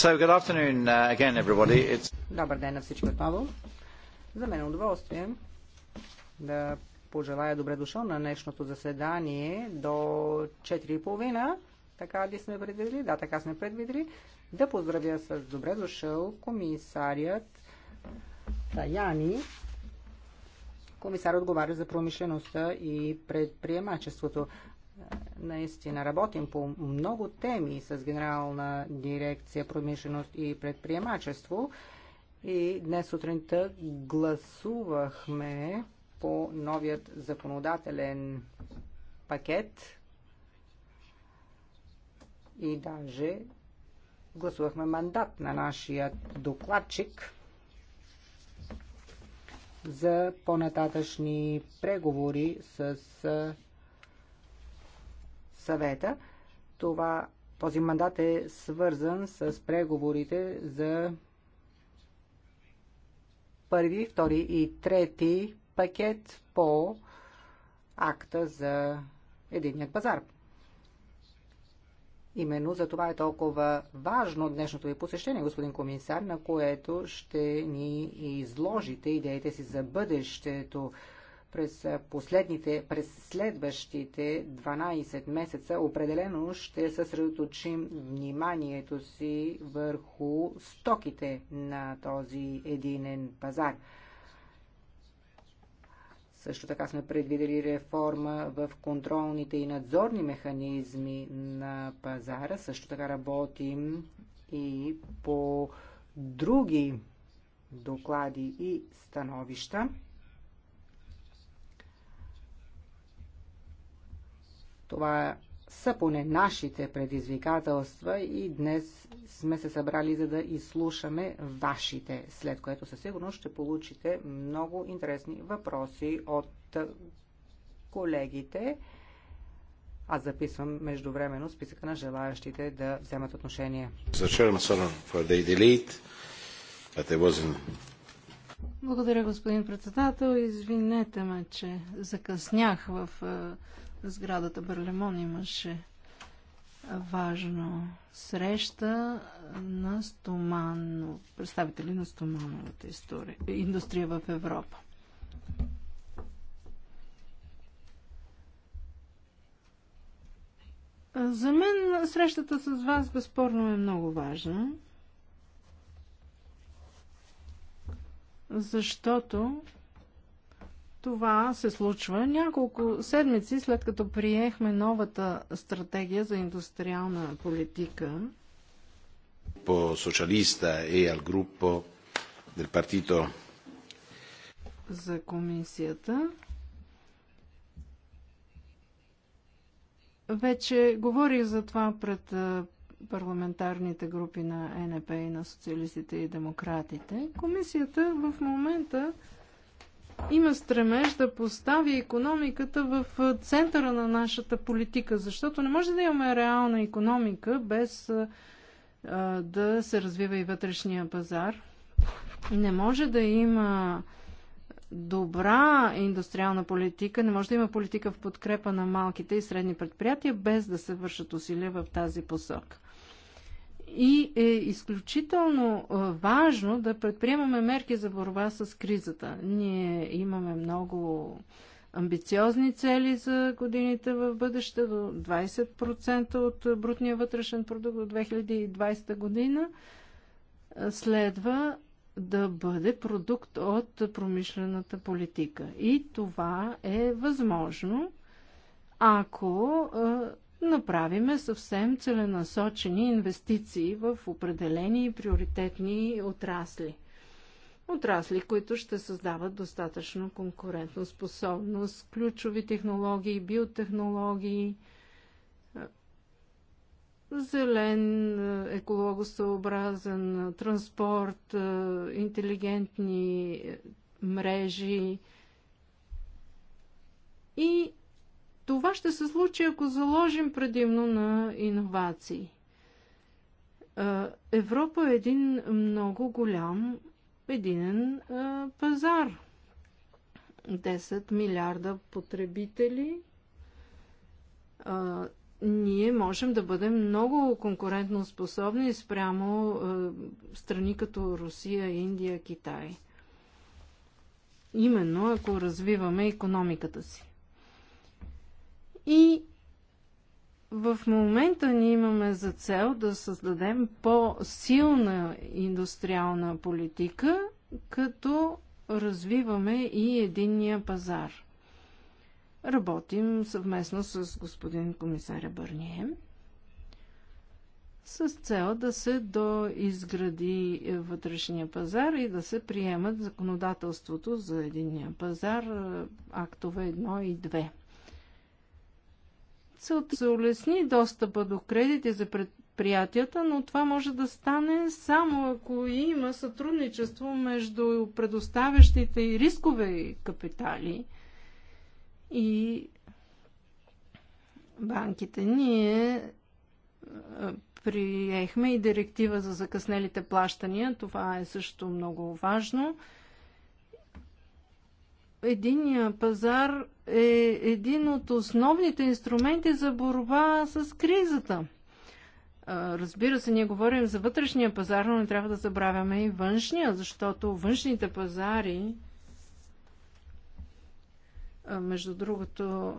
So, uh, again, Добър ден на всички отново. За мен е удоволствие да пожелая добре дошъл на днешното заседание до 4.30. Така ли сме предвидели, Да, така сме предвидели. Да поздравя с добре дошъл комисарият Таяни, комисар отговаря за промишлеността и предприемачеството наистина работим по много теми с Генерална дирекция промишленост и предприемачество и днес сутринта гласувахме по новият законодателен пакет и даже гласувахме мандат на нашия докладчик за по-нататъчни преговори с съвета. Това, този мандат е свързан с преговорите за първи, втори и трети пакет по акта за единният пазар. Именно за това е толкова важно днешното ви посещение, господин комисар, на което ще ни изложите идеите си за бъдещето през последните, през следващите 12 месеца определено ще съсредоточим вниманието си върху стоките на този единен пазар. Също така сме предвидели реформа в контролните и надзорни механизми на пазара. Също така работим и по други доклади и становища. Това са поне нашите предизвикателства и днес сме се събрали за да изслушаме вашите, след което със сигурност ще получите много интересни въпроси от колегите. Аз записвам междувременно списъка на желаящите да вземат отношение. Благодаря, господин председател. Извинете ме, че закъснях в е, сградата Берлемон имаше важно среща на стоманно, представители на стомановата история, индустрия в Европа. За мен срещата с вас безспорно е много важна, защото това се случва няколко седмици след като приехме новата стратегия за индустриална политика. По социалиста и ал групо дел партито за комисията. Вече говорих за това пред парламентарните групи на НП и на социалистите и демократите. Комисията в момента има стремеж да постави економиката в центъра на нашата политика, защото не може да имаме реална економика без да се развива и вътрешния пазар. Не може да има добра индустриална политика, не може да има политика в подкрепа на малките и средни предприятия, без да се вършат усилия в тази посока и е изключително е, важно да предприемаме мерки за борба с кризата. Ние имаме много амбициозни цели за годините в бъдеще до 20% от брутния вътрешен продукт до 2020 година. Следва да бъде продукт от промишлената политика. И това е възможно, ако е, направиме съвсем целенасочени инвестиции в определени приоритетни отрасли. Отрасли, които ще създават достатъчно конкурентно способност, ключови технологии, биотехнологии, зелен, екологосъобразен транспорт, интелигентни мрежи и това ще се случи, ако заложим предимно на иновации. Европа е един много голям единен пазар. 10 милиарда потребители. ние можем да бъдем много конкурентно способни спрямо страни като Русия, Индия, Китай. Именно ако развиваме економиката си. И в момента ние имаме за цел да създадем по-силна индустриална политика, като развиваме и единния пазар. Работим съвместно с господин комисаря Бърние с цел да се доизгради вътрешния пазар и да се приемат законодателството за единния пазар, актове 1 и Целта се улесни достъпа до кредити за предприятията, но това може да стане само ако има сътрудничество между предоставящите и рискове капитали и банките. Ние приехме и директива за закъснелите плащания. Това е също много важно. Единия пазар е един от основните инструменти за борба с кризата. Разбира се, ние говорим за вътрешния пазар, но не трябва да забравяме и външния, защото външните пазари, между другото,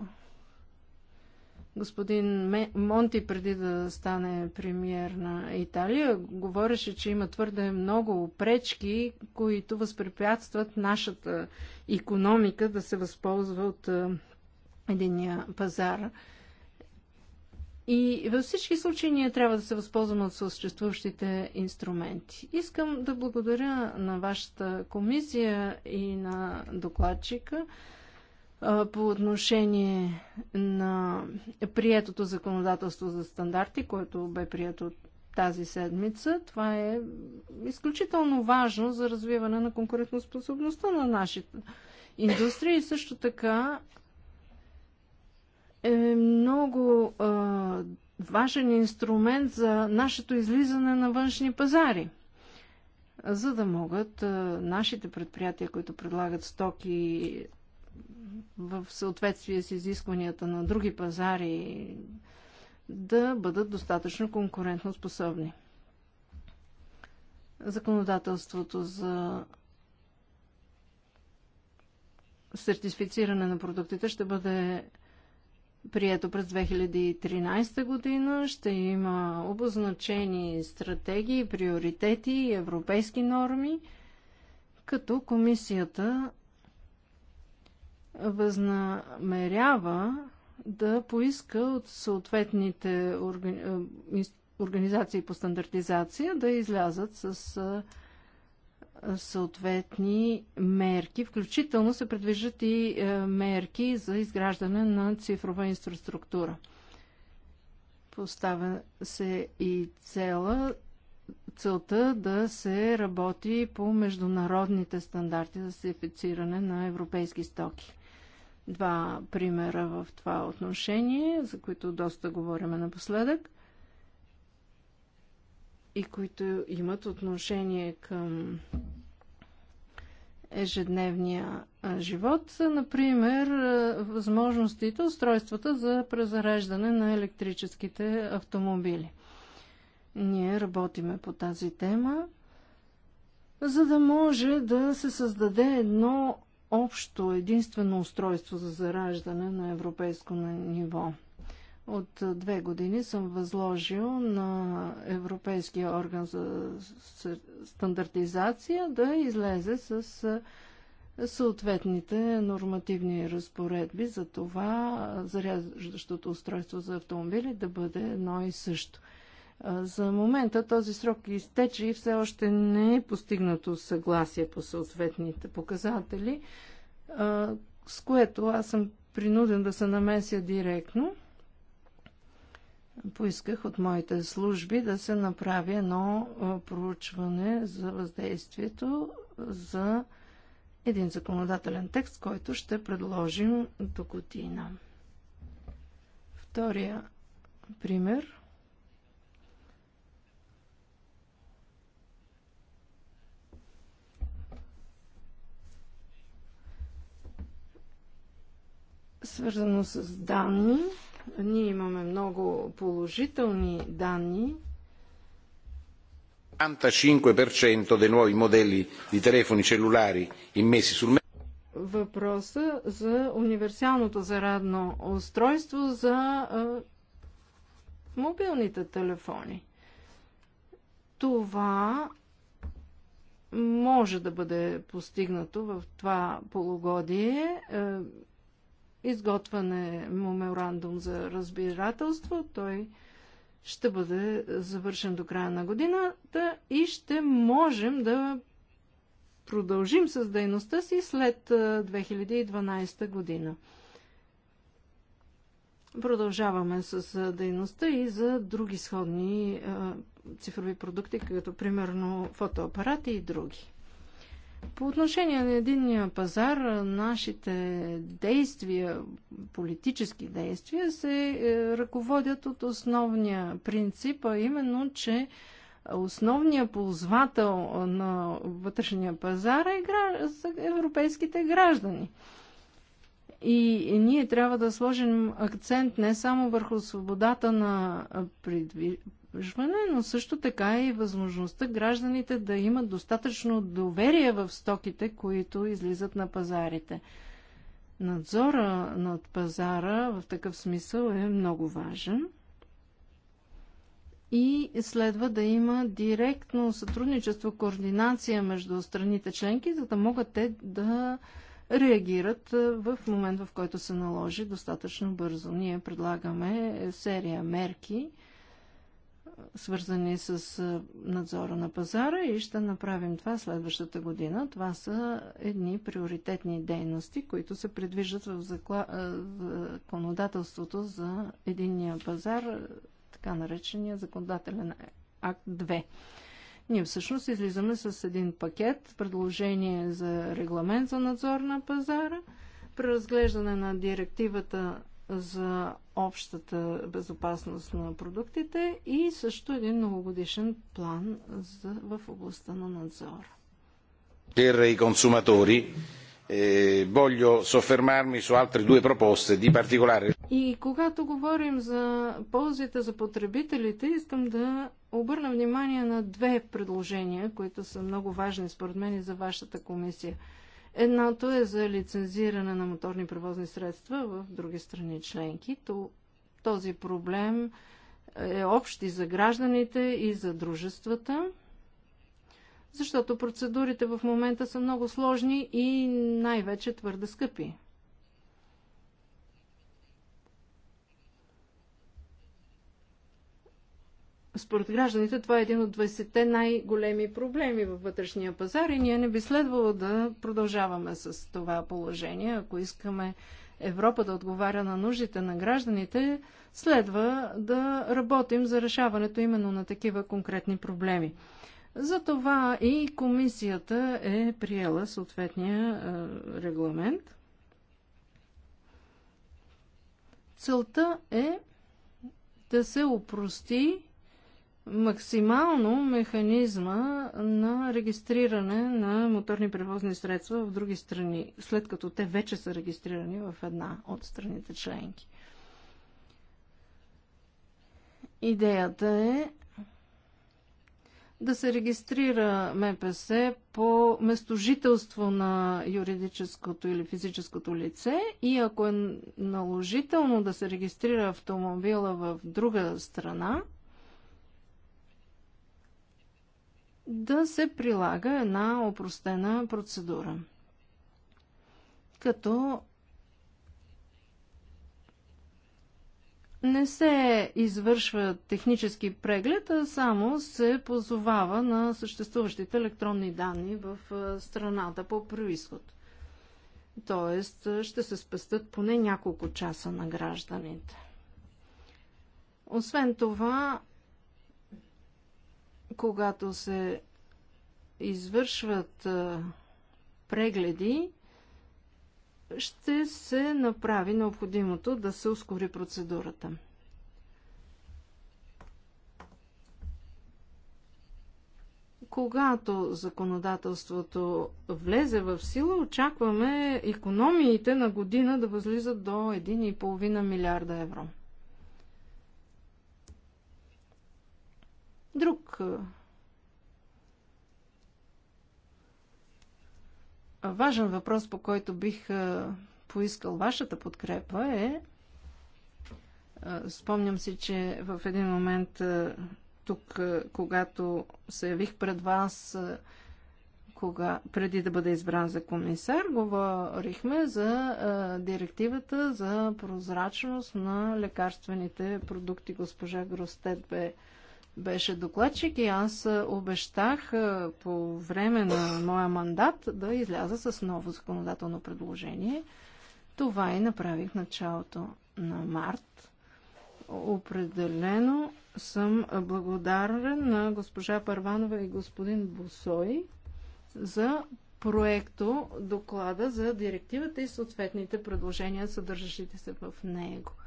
Господин Монти, преди да стане премьер на Италия, говореше, че има твърде много пречки, които възпрепятстват нашата економика да се възползва от единия пазар. И във всички случаи ние трябва да се възползваме от съществуващите инструменти. Искам да благодаря на вашата комисия и на докладчика по отношение на приетото законодателство за стандарти, което бе прието тази седмица. Това е изключително важно за развиване на конкурентоспособността на нашите индустрия и също така е много е, важен инструмент за нашето излизане на външни пазари за да могат е, нашите предприятия, които предлагат стоки в съответствие с изискванията на други пазари да бъдат достатъчно конкурентно способни. Законодателството за сертифициране на продуктите ще бъде прието през 2013 година. Ще има обозначени стратегии, приоритети и европейски норми, като комисията възнамерява да поиска от съответните органи... Е, организации по стандартизация да излязат с е, съответни мерки. Включително се предвиждат и е, мерки за изграждане на цифрова инфраструктура. Поставя се и цела целта да се работи по международните стандарти за сертифициране на европейски стоки два примера в това отношение, за които доста говорим напоследък и които имат отношение към ежедневния живот. Например, възможностите, устройствата за презареждане на електрическите автомобили. Ние работиме по тази тема, за да може да се създаде едно общо единствено устройство за зараждане на европейско ниво. От две години съм възложил на Европейския орган за стандартизация да излезе с съответните нормативни разпоредби за това заряждащото устройство за автомобили да бъде едно и също – за момента този срок изтече и все още не е постигнато съгласие по съответните показатели, с което аз съм принуден да се намеся директно. Поисках от моите служби да се направи едно проучване за въздействието за един законодателен текст, който ще предложим до година. Втория пример – свързано с данни. Ние имаме много положителни данни. 95% dei nuovi modelli di telefoni cellulari immessi sul mercato въпроса за универсалното зарадно устройство за а, мобилните телефони. Това може да бъде постигнато в това полугодие. А, е, изготвяне меморандум за разбирателство. Той ще бъде завършен до края на годината и ще можем да продължим с дейността си след 2012 година. Продължаваме с дейността и за други сходни цифрови продукти, като примерно фотоапарати и други. По отношение на единния пазар, нашите действия, политически действия, се е, ръководят от основния принцип, а именно, че основният ползвател на вътрешния пазар е европейските граждани. И ние трябва да сложим акцент не само върху свободата на обслужване, но също така и възможността гражданите да имат достатъчно доверие в стоките, които излизат на пазарите. Надзора над пазара в такъв смисъл е много важен и следва да има директно сътрудничество, координация между страните членки, за да могат те да реагират в момент, в който се наложи достатъчно бързо. Ние предлагаме серия мерки, свързани с надзора на пазара и ще направим това следващата година. Това са едни приоритетни дейности, които се предвиждат в законодателството за единния пазар, така наречения законодателен акт 2. Ние всъщност излизаме с един пакет, предложение за регламент за надзор на пазара, преразглеждане на директивата за общата безопасност на продуктите и също един многогодишен план за, в областта на надзора. Per i consumatori eh, voglio soffermarmi su altre due proposte di particolare. И когато говорим за ползите за потребителите, искам да обърна внимание на две предложения, които са много важни според мен и за вашата комисия. Едното е за лицензиране на моторни превозни средства в други страни членки. То, този проблем е общ и за гражданите, и за дружествата, защото процедурите в момента са много сложни и най-вече твърде скъпи. Според гражданите това е един от 20-те най-големи проблеми във вътрешния пазар и ние не би следвало да продължаваме с това положение. Ако искаме Европа да отговаря на нуждите на гражданите, следва да работим за решаването именно на такива конкретни проблеми. Затова и комисията е приела съответния е, регламент. Целта е да се опрости максимално механизма на регистриране на моторни превозни средства в други страни, след като те вече са регистрирани в една от страните членки. Идеята е да се регистрира МПС по местожителство на юридическото или физическото лице и ако е наложително да се регистрира автомобила в друга страна, да се прилага една опростена процедура. Като не се извършва технически преглед, а само се позовава на съществуващите електронни данни в страната по происход. Тоест ще се спестят поне няколко часа на гражданите. Освен това, когато се извършват прегледи, ще се направи необходимото да се ускори процедурата. Когато законодателството влезе в сила, очакваме економиите на година да възлизат до 1,5 милиарда евро. Друг важен въпрос, по който бих поискал вашата подкрепа е Спомням си, че в един момент тук, когато се явих пред вас, кога, преди да бъда избран за комисар, говорихме за а, директивата за прозрачност на лекарствените продукти. Госпожа Гростет бе беше докладчик и аз обещах по време на моя мандат да изляза с ново законодателно предложение. Това и направих началото на март. Определено съм благодарен на госпожа Парванова и господин Босой за проекто доклада за директивата и съответните предложения, съдържащите се в него –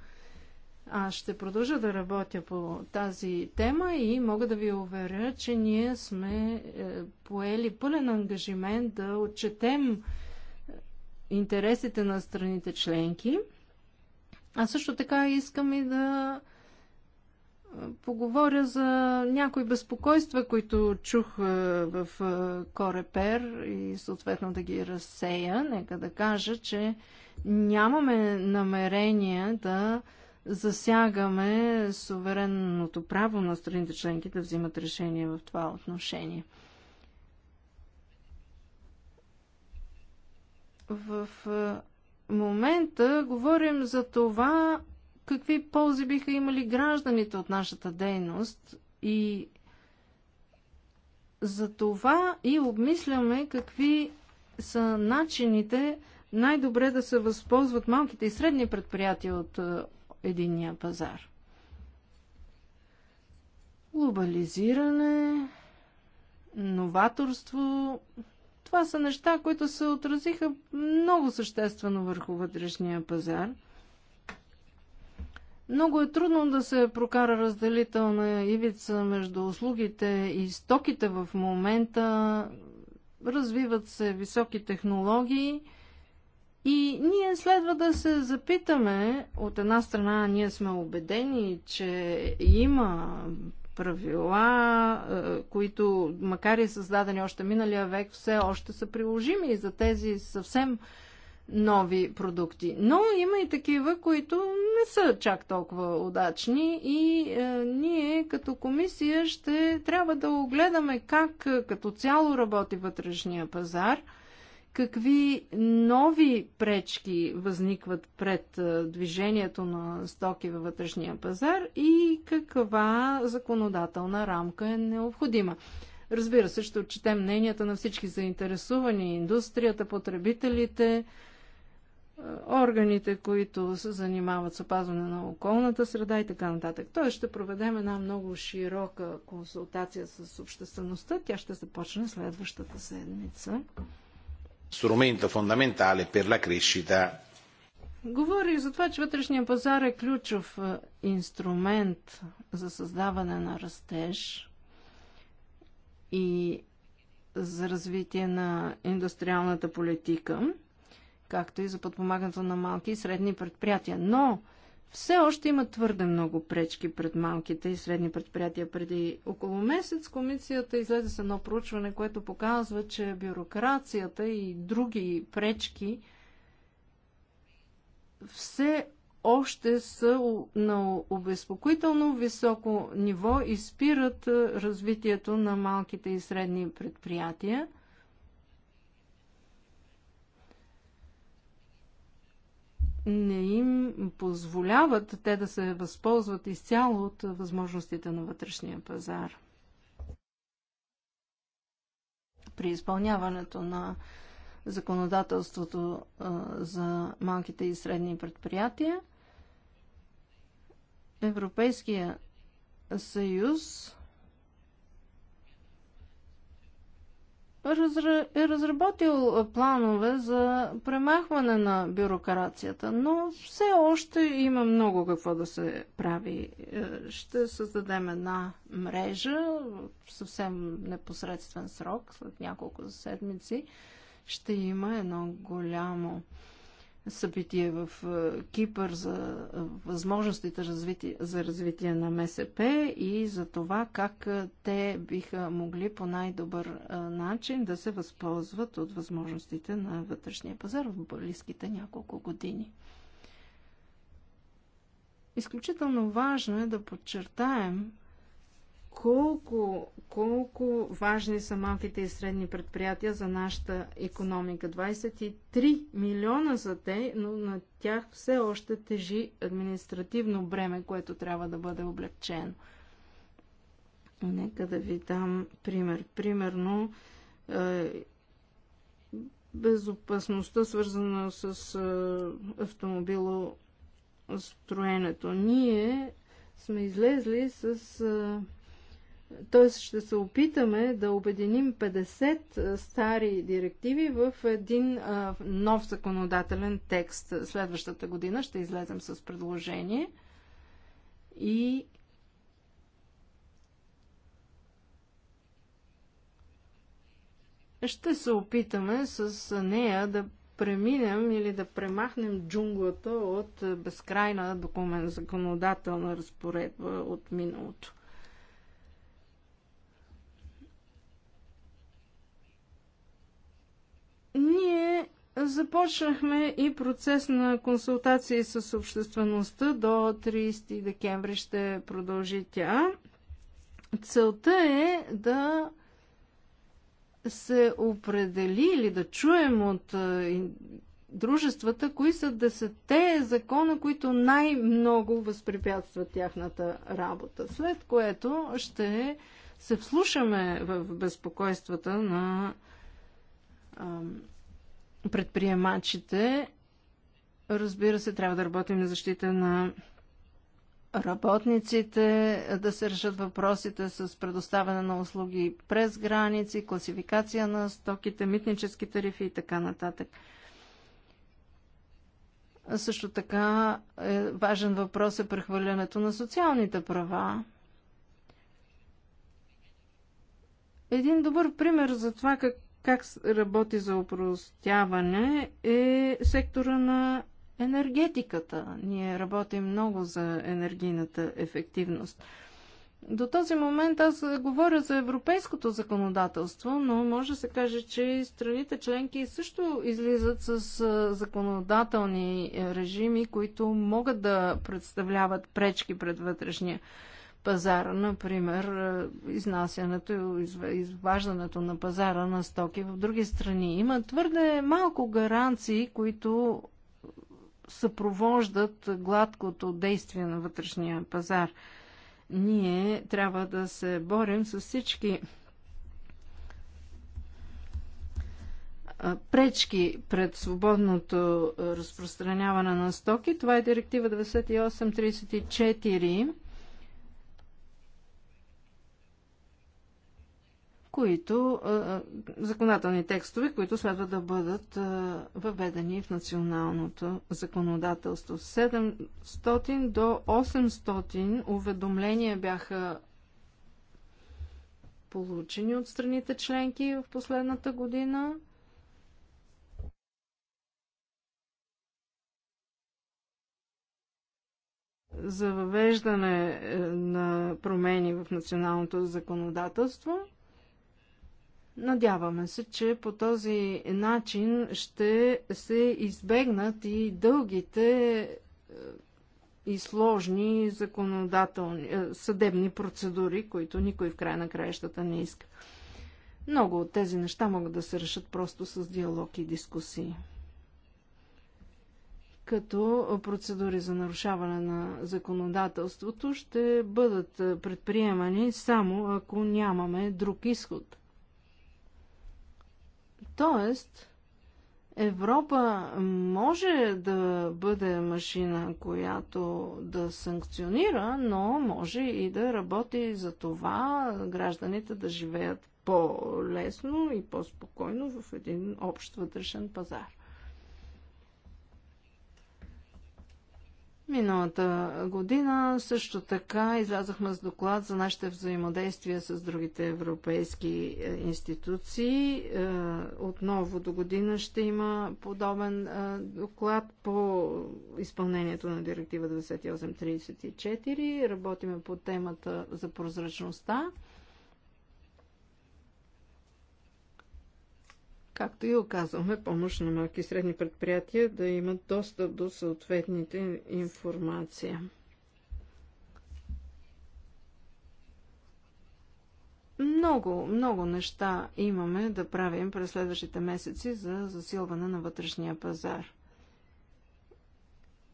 аз ще продължа да работя по тази тема и мога да ви уверя, че ние сме е, поели пълен ангажимент да отчетем е, интересите на страните членки. А също така искам и да е, поговоря за някои безпокойства, които чух в Корепер и съответно да ги разсея. Нека да кажа, че нямаме намерение да засягаме суверенното право на страните членки да взимат решение в това отношение. В момента говорим за това какви ползи биха имали гражданите от нашата дейност и за това и обмисляме какви са начините най-добре да се възползват малките и средни предприятия от единния пазар. Глобализиране, новаторство, това са неща, които се отразиха много съществено върху вътрешния пазар. Много е трудно да се прокара разделителна ивица между услугите и стоките в момента. Развиват се високи технологии – и ние следва да се запитаме, от една страна ние сме убедени, че има правила, е, които, макар и създадени още миналия век, все още са приложими и за тези съвсем нови продукти. Но има и такива, които не са чак толкова удачни и е, ние като комисия ще трябва да огледаме как е, като цяло работи вътрешния пазар – какви нови пречки възникват пред движението на стоки във вътрешния пазар и каква законодателна рамка е необходима. Разбира се, ще отчетем мненията на всички заинтересувани, индустрията, потребителите, органите, които се занимават с опазване на околната среда и така нататък. Тоест ще проведем една много широка консултация с обществеността. Тя ще започне следващата седмица strumento fondamentale per la crescita. Говори за това, че вътрешния пазар е ключов е, инструмент за създаване на растеж и за развитие на индустриалната политика, както и за подпомагането на малки и средни предприятия. Но все още има твърде много пречки пред малките и средни предприятия. Преди около месец комисията излезе с едно проучване, което показва, че бюрокрацията и други пречки все още са на обезпокоително високо ниво и спират развитието на малките и средни предприятия – не им позволяват те да се възползват изцяло от възможностите на вътрешния пазар. При изпълняването на законодателството за малките и средни предприятия, Европейския съюз е разработил планове за премахване на бюрокрацията, но все още има много какво да се прави. Е, ще създадем една мрежа в съвсем непосредствен срок, след няколко седмици ще има едно голямо събитие в е, Кипър за е, възможностите за развитие на МСП и за това как е, те биха могли по най-добър начин да се възползват от възможностите на вътрешния пазар в близките няколко години. Изключително важно е да подчертаем, колко, колко важни са малките и средни предприятия за нашата економика. 23 милиона са те, но на тях все още тежи административно бреме, което трябва да бъде облегчено. Нека да ви дам пример. Примерно, е, безопасността, свързана с е, строенето, Ние сме излезли с е, т.е. ще се опитаме да обединим 50 стари директиви в един а, нов законодателен текст. Следващата година ще излезем с предложение и ще се опитаме с нея да преминем или да премахнем джунглата от безкрайна документ законодателна разпоредба от миналото. Ние започнахме и процес на консултации с обществеността. До 30 декември ще продължи тя. Целта е да се определи или да чуем от дружествата, кои са десетте закона, които най-много възпрепятстват тяхната работа. След което ще се вслушаме в безпокойствата на предприемачите. Разбира се, трябва да работим на защита на работниците, да се решат въпросите с предоставяне на услуги през граници, класификация на стоките, митнически тарифи и така нататък. Също така е важен въпрос е прехвърлянето на социалните права. Един добър пример за това как как работи за упростяване е сектора на енергетиката. Ние работим много за енергийната ефективност. До този момент аз говоря за европейското законодателство, но може да се каже, че и страните членки също излизат с законодателни е, режими, които могат да представляват пречки пред вътрешния пазара, например, е, изнасянето и изваждането на пазара на стоки в други страни. Има твърде малко гаранции, които съпровождат гладкото действие на вътрешния пазар. Ние трябва да се борим с всички е, пречки пред свободното разпространяване на стоки. Това е директива 9834 които законодателни текстове, които следва да бъдат въведени в националното законодателство. 700 до 800 уведомления бяха получени от страните членки в последната година. за въвеждане е, на промени в националното законодателство – Надяваме се, че по този начин ще се избегнат и дългите е, и сложни законодателни, е, съдебни процедури, които никой в край на краищата не иска. Много от тези неща могат да се решат просто с диалог и дискусии. Като процедури за нарушаване на законодателството ще бъдат е, предприемани само ако нямаме друг изход – Тоест, Европа може да бъде машина, която да санкционира, но може и да работи за това гражданите да живеят по-лесно и по-спокойно в един общ вътрешен пазар. Миналата година също така излязахме с доклад за нашите взаимодействия с другите европейски е, институции. Е, отново до година ще има подобен е, доклад по изпълнението на директива 2834. Работиме по темата за прозрачността. както и оказваме помощ на малки и средни предприятия да имат достъп до съответните информация. Много, много неща имаме да правим през следващите месеци за засилване на вътрешния пазар.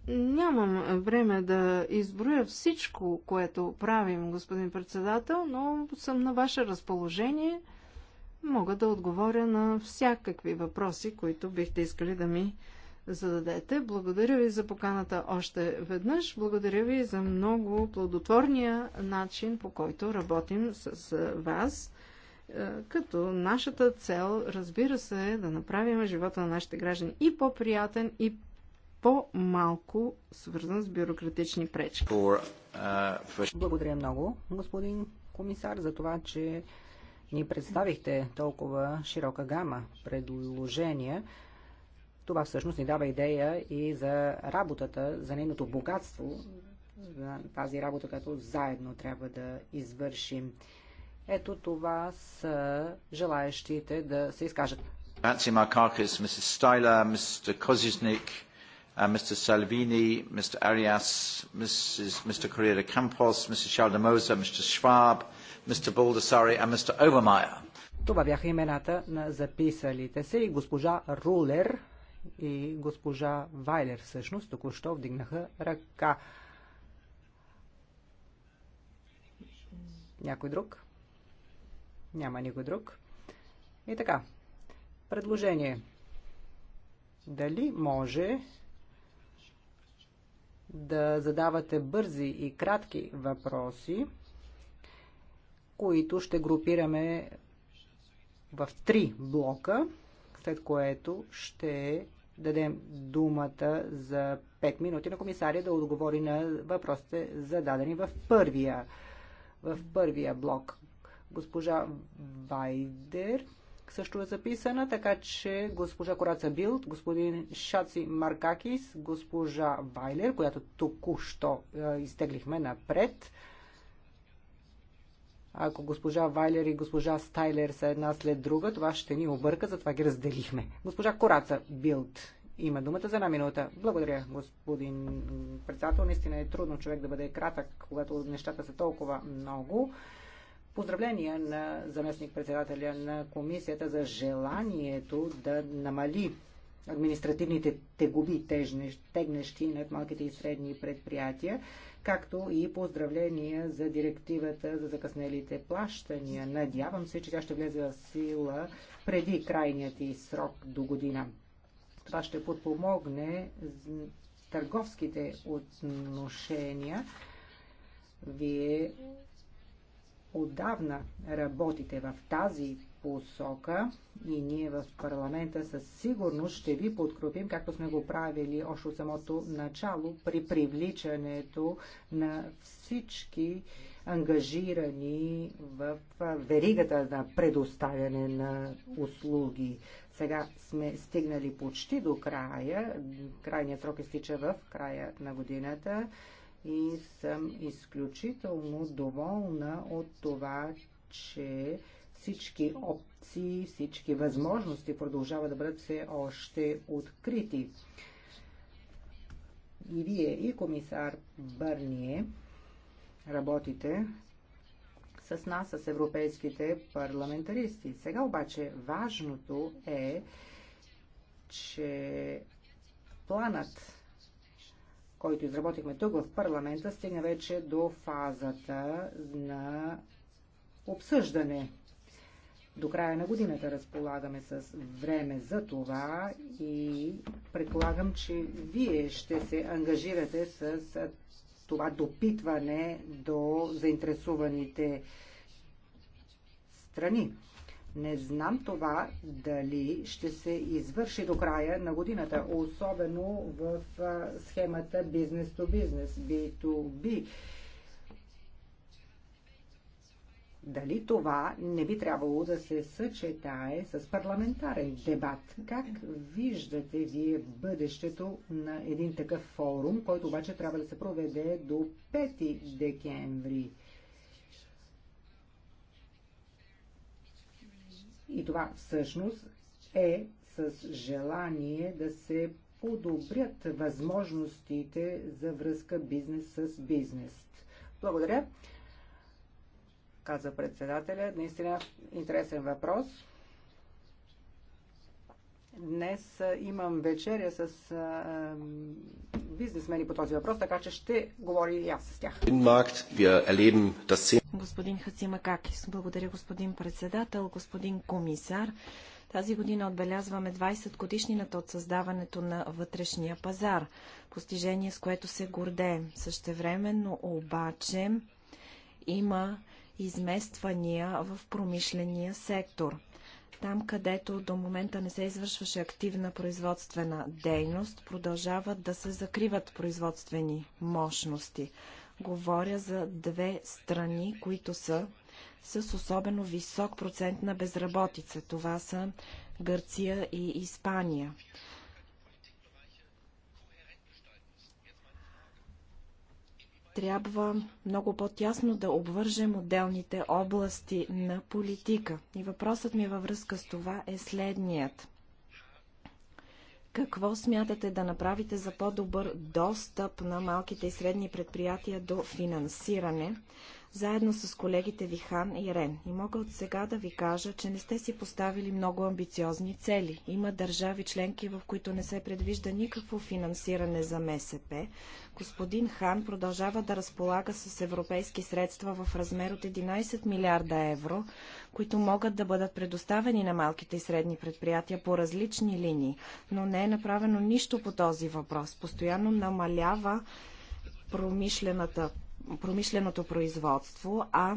Нямам време да изброя всичко, което правим, господин председател, но съм на ваше разположение – мога да отговоря на всякакви въпроси, които бихте искали да ми зададете. Благодаря ви за поканата още веднъж. Благодаря ви за много плодотворния начин, по който работим с вас. Е, като нашата цел, разбира се, е да направим живота на нашите граждани и по-приятен, и по-малко свързан с бюрократични пречки. Е, Благодаря много, господин комисар, за това, че ни представихте толкова широка гама предложения, това всъщност ни дава идея и за работата, за нейното богатство, за тази работа, която заедно трябва да извършим. Ето това са желаящите да се изкажат. Nancy Маркакис, Mrs. Стайла, Mr. Козисник, uh, Салвини, Salvini, Ариас, Arias, Кориера Кампос, Correa de Campos, Mrs. Shaldemosa, това бяха имената на записалите се и госпожа Рулер и госпожа Вайлер всъщност току-що вдигнаха ръка. Някой друг? Няма никой друг. И така, предложение. Дали може да задавате бързи и кратки въпроси? които ще групираме в три блока, след което ще дадем думата за 5 минути на комисария да отговори на въпросите зададени в първия, в първия блок. Госпожа Вайдер също е записана, така че госпожа Кораца Билд, господин Шаци Маркакис, госпожа Вайлер, която току-що е, изтеглихме напред, ако госпожа Вайлер и госпожа Стайлер са една след друга, това ще ни обърка, затова ги разделихме. Госпожа Кораца Билд има думата за една минута. Благодаря, господин председател. Наистина е трудно човек да бъде кратък, когато нещата са толкова много. Поздравления на заместник-председателя на комисията за желанието да намали административните тегуби, тегнещи над малките и средни предприятия както и поздравления за директивата за закъснелите плащания. Надявам се, че тя ще влезе в сила преди крайният и срок до година. Това ще подпомогне търговските отношения. Вие отдавна работите в тази посока и ние в парламента със сигурност ще ви подкрепим, както сме го правили още от самото начало, при привличането на всички ангажирани в веригата на предоставяне на услуги. Сега сме стигнали почти до края. Крайният срок изтича в края на годината и съм изключително доволна от това, че всички опции, всички възможности продължават да бъдат все още открити. И вие, и комисар Бърние работите с нас, с европейските парламентаристи. Сега обаче важното е, че планът, който изработихме тук в парламента, стигна вече до фазата на обсъждане. До края на годината разполагаме с време за това и предполагам, че вие ще се ангажирате с това допитване до заинтересуваните страни. Не знам това дали ще се извърши до края на годината, особено в схемата бизнес-то-бизнес, B2B. Дали това не би трябвало да се съчетае с парламентарен дебат? Как виждате вие бъдещето на един такъв форум, който обаче трябва да се проведе до 5 декември? И това всъщност е с желание да се подобрят възможностите за връзка бизнес с бизнес. Благодаря каза председателя. Наистина интересен въпрос. Днес имам вечеря с бизнесмени по този въпрос, така че ще говори и аз с тях. Господин Хацимакакис, благодаря господин председател, господин комисар. Тази година отбелязваме 20 годишнината от създаването на вътрешния пазар, постижение с което се гордеем. Същевременно обаче има измествания в промишления сектор. Там, където до момента не се извършваше активна производствена дейност, продължават да се закриват производствени мощности. Говоря за две страни, които са с особено висок процент на безработица. Това са Гърция и Испания. трябва много по-тясно да обвържем отделните области на политика. И въпросът ми във връзка с това е следният. Какво смятате да направите за по-добър достъп на малките и средни предприятия до финансиране, заедно с колегите ви Хан и Рен. И мога от сега да ви кажа, че не сте си поставили много амбициозни цели. Има държави членки, в които не се предвижда никакво финансиране за МСП. Господин Хан продължава да разполага с европейски средства в размер от 11 милиарда евро, които могат да бъдат предоставени на малките и средни предприятия по различни линии. Но не е направено нищо по този въпрос. Постоянно намалява промишлената промишленото производство, а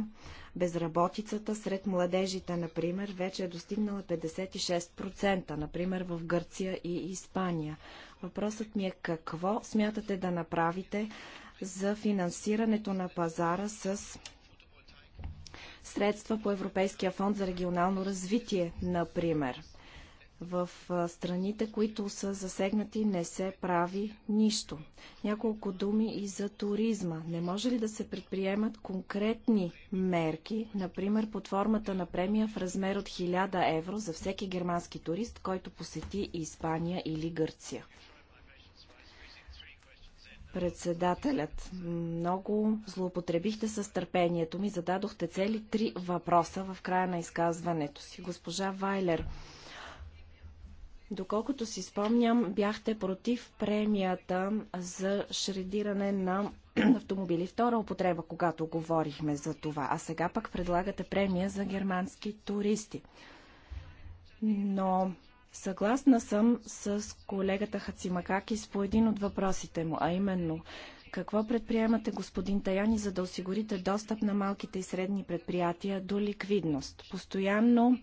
безработицата сред младежите, например, вече е достигнала 56%, например в Гърция и Испания. Въпросът ми е какво смятате да направите за финансирането на пазара с средства по Европейския фонд за регионално развитие, например. В страните, които са засегнати, не се прави нищо. Няколко думи и за туризма. Не може ли да се предприемат конкретни мерки, например под формата на премия в размер от 1000 евро за всеки германски турист, който посети Испания или Гърция? Председателят, много злоупотребихте с търпението ми, зададохте цели три въпроса в края на изказването си. Госпожа Вайлер, Доколкото си спомням, бяхте против премията за шредиране на автомобили втора употреба, когато говорихме за това. А сега пък предлагате премия за германски туристи. Но съгласна съм с колегата Хацимакакис по един от въпросите му, а именно какво предприемате, господин Таяни, за да осигурите достъп на малките и средни предприятия до ликвидност? Постоянно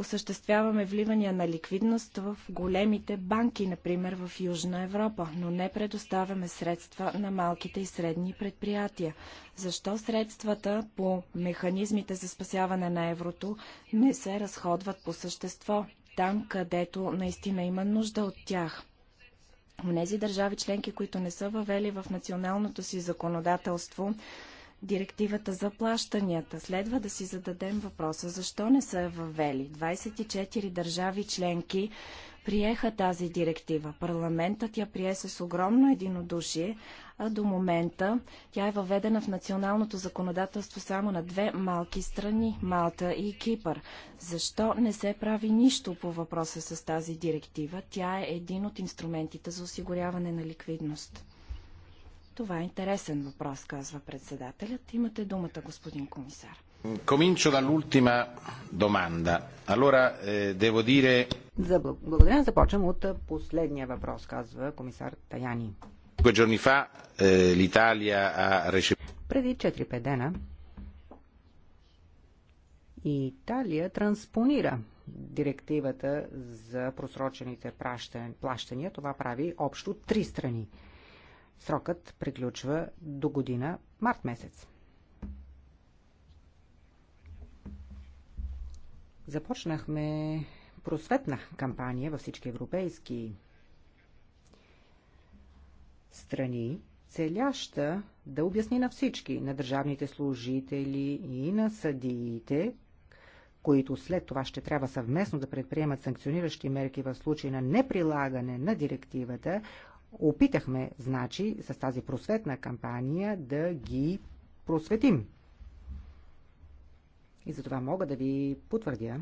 осъществяваме вливания на ликвидност в големите банки, например в Южна Европа, но не предоставяме средства на малките и средни предприятия. Защо средствата по механизмите за спасяване на еврото не се разходват по същество, там където наистина има нужда от тях? Унези държави членки, които не са въвели в националното си законодателство директивата за плащанията. Следва да си зададем въпроса, защо не са въвели. 24 държави членки приеха тази директива. Парламентът я прие с огромно единодушие, а до момента тя е въведена в националното законодателство само на две малки страни – Малта и Кипър. Защо не се прави нищо по въпроса с тази директива? Тя е един от инструментите за осигуряване на ликвидност. Това е интересен въпрос, казва председателят. Имате думата, господин комисар. Comincio dall'ultima domanda. Allora, eh, devo dire... благодаря. Започвам от последния въпрос, казва комисар Таяни. giorni fa eh, l'Italia ha recepito... Преди 4-5 дена Италия транспонира директивата за просрочените плащания. Това прави общо три страни – Срокът приключва до година март месец. Започнахме просветна кампания във всички европейски страни, целяща да обясни на всички, на държавните служители и на съдиите, които след това ще трябва съвместно да предприемат санкциониращи мерки в случай на неприлагане на директивата, Опитахме, значи, с тази просветна кампания да ги просветим. И за това мога да ви потвърдя,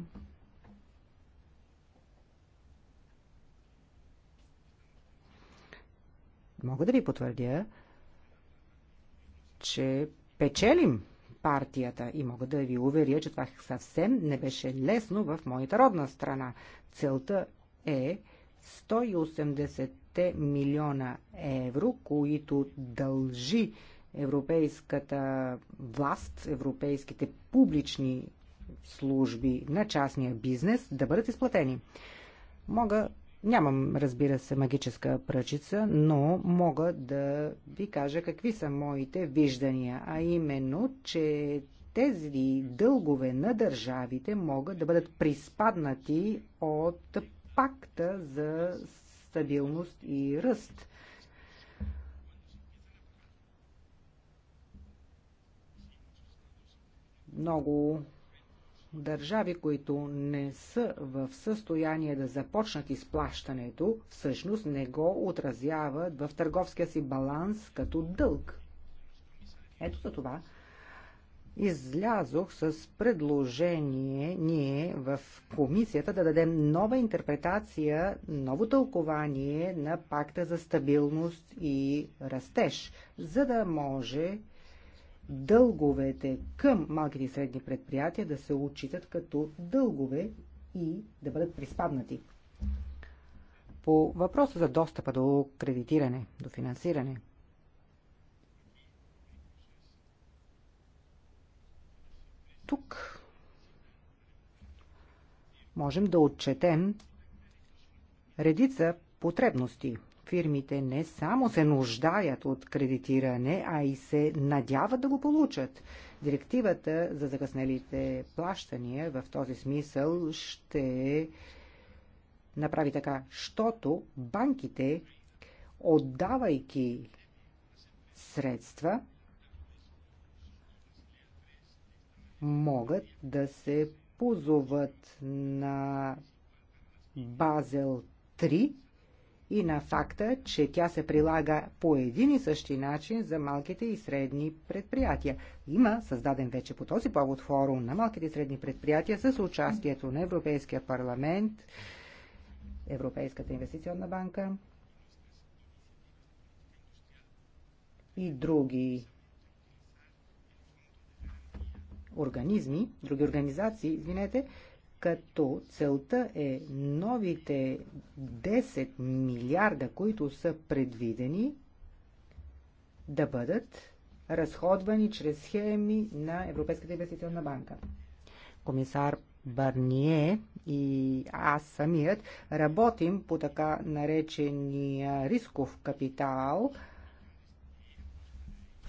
мога да ви потвърдя, че печелим партията и мога да ви уверя, че това съвсем не беше лесно в моята родна страна. Целта е 180 150 милиона евро, които дължи европейската власт, европейските публични служби на частния бизнес да бъдат изплатени. Мога, нямам разбира се магическа пръчица, но мога да ви кажа какви са моите виждания, а именно, че тези дългове на държавите могат да бъдат приспаднати от пакта за стабилност и ръст. Много държави, които не са в състояние да започнат изплащането, всъщност не го отразяват в търговския си баланс като дълг. Ето за това излязох с предложение ние в комисията да дадем нова интерпретация, ново тълкование на пакта за стабилност и растеж, за да може дълговете към малките и средни предприятия да се отчитат като дългове и да бъдат приспаднати. По въпроса за достъпа до кредитиране, до финансиране – Тук можем да отчетем редица потребности. Фирмите не само се нуждаят от кредитиране, а и се надяват да го получат. Директивата за закъснелите плащания в този смисъл ще направи така, щото банките, отдавайки средства, могат да се позоват на Базел 3 и на факта, че тя се прилага по един и същи начин за малките и средни предприятия. Има създаден вече по този повод форум на малките и средни предприятия с участието на Европейския парламент, Европейската инвестиционна банка и други организми, други организации, извинете, като целта е новите 10 милиарда, които са предвидени, да бъдат разходвани чрез схеми на Европейската инвестиционна банка. Комисар Барние и аз самият работим по така наречения рисков капитал,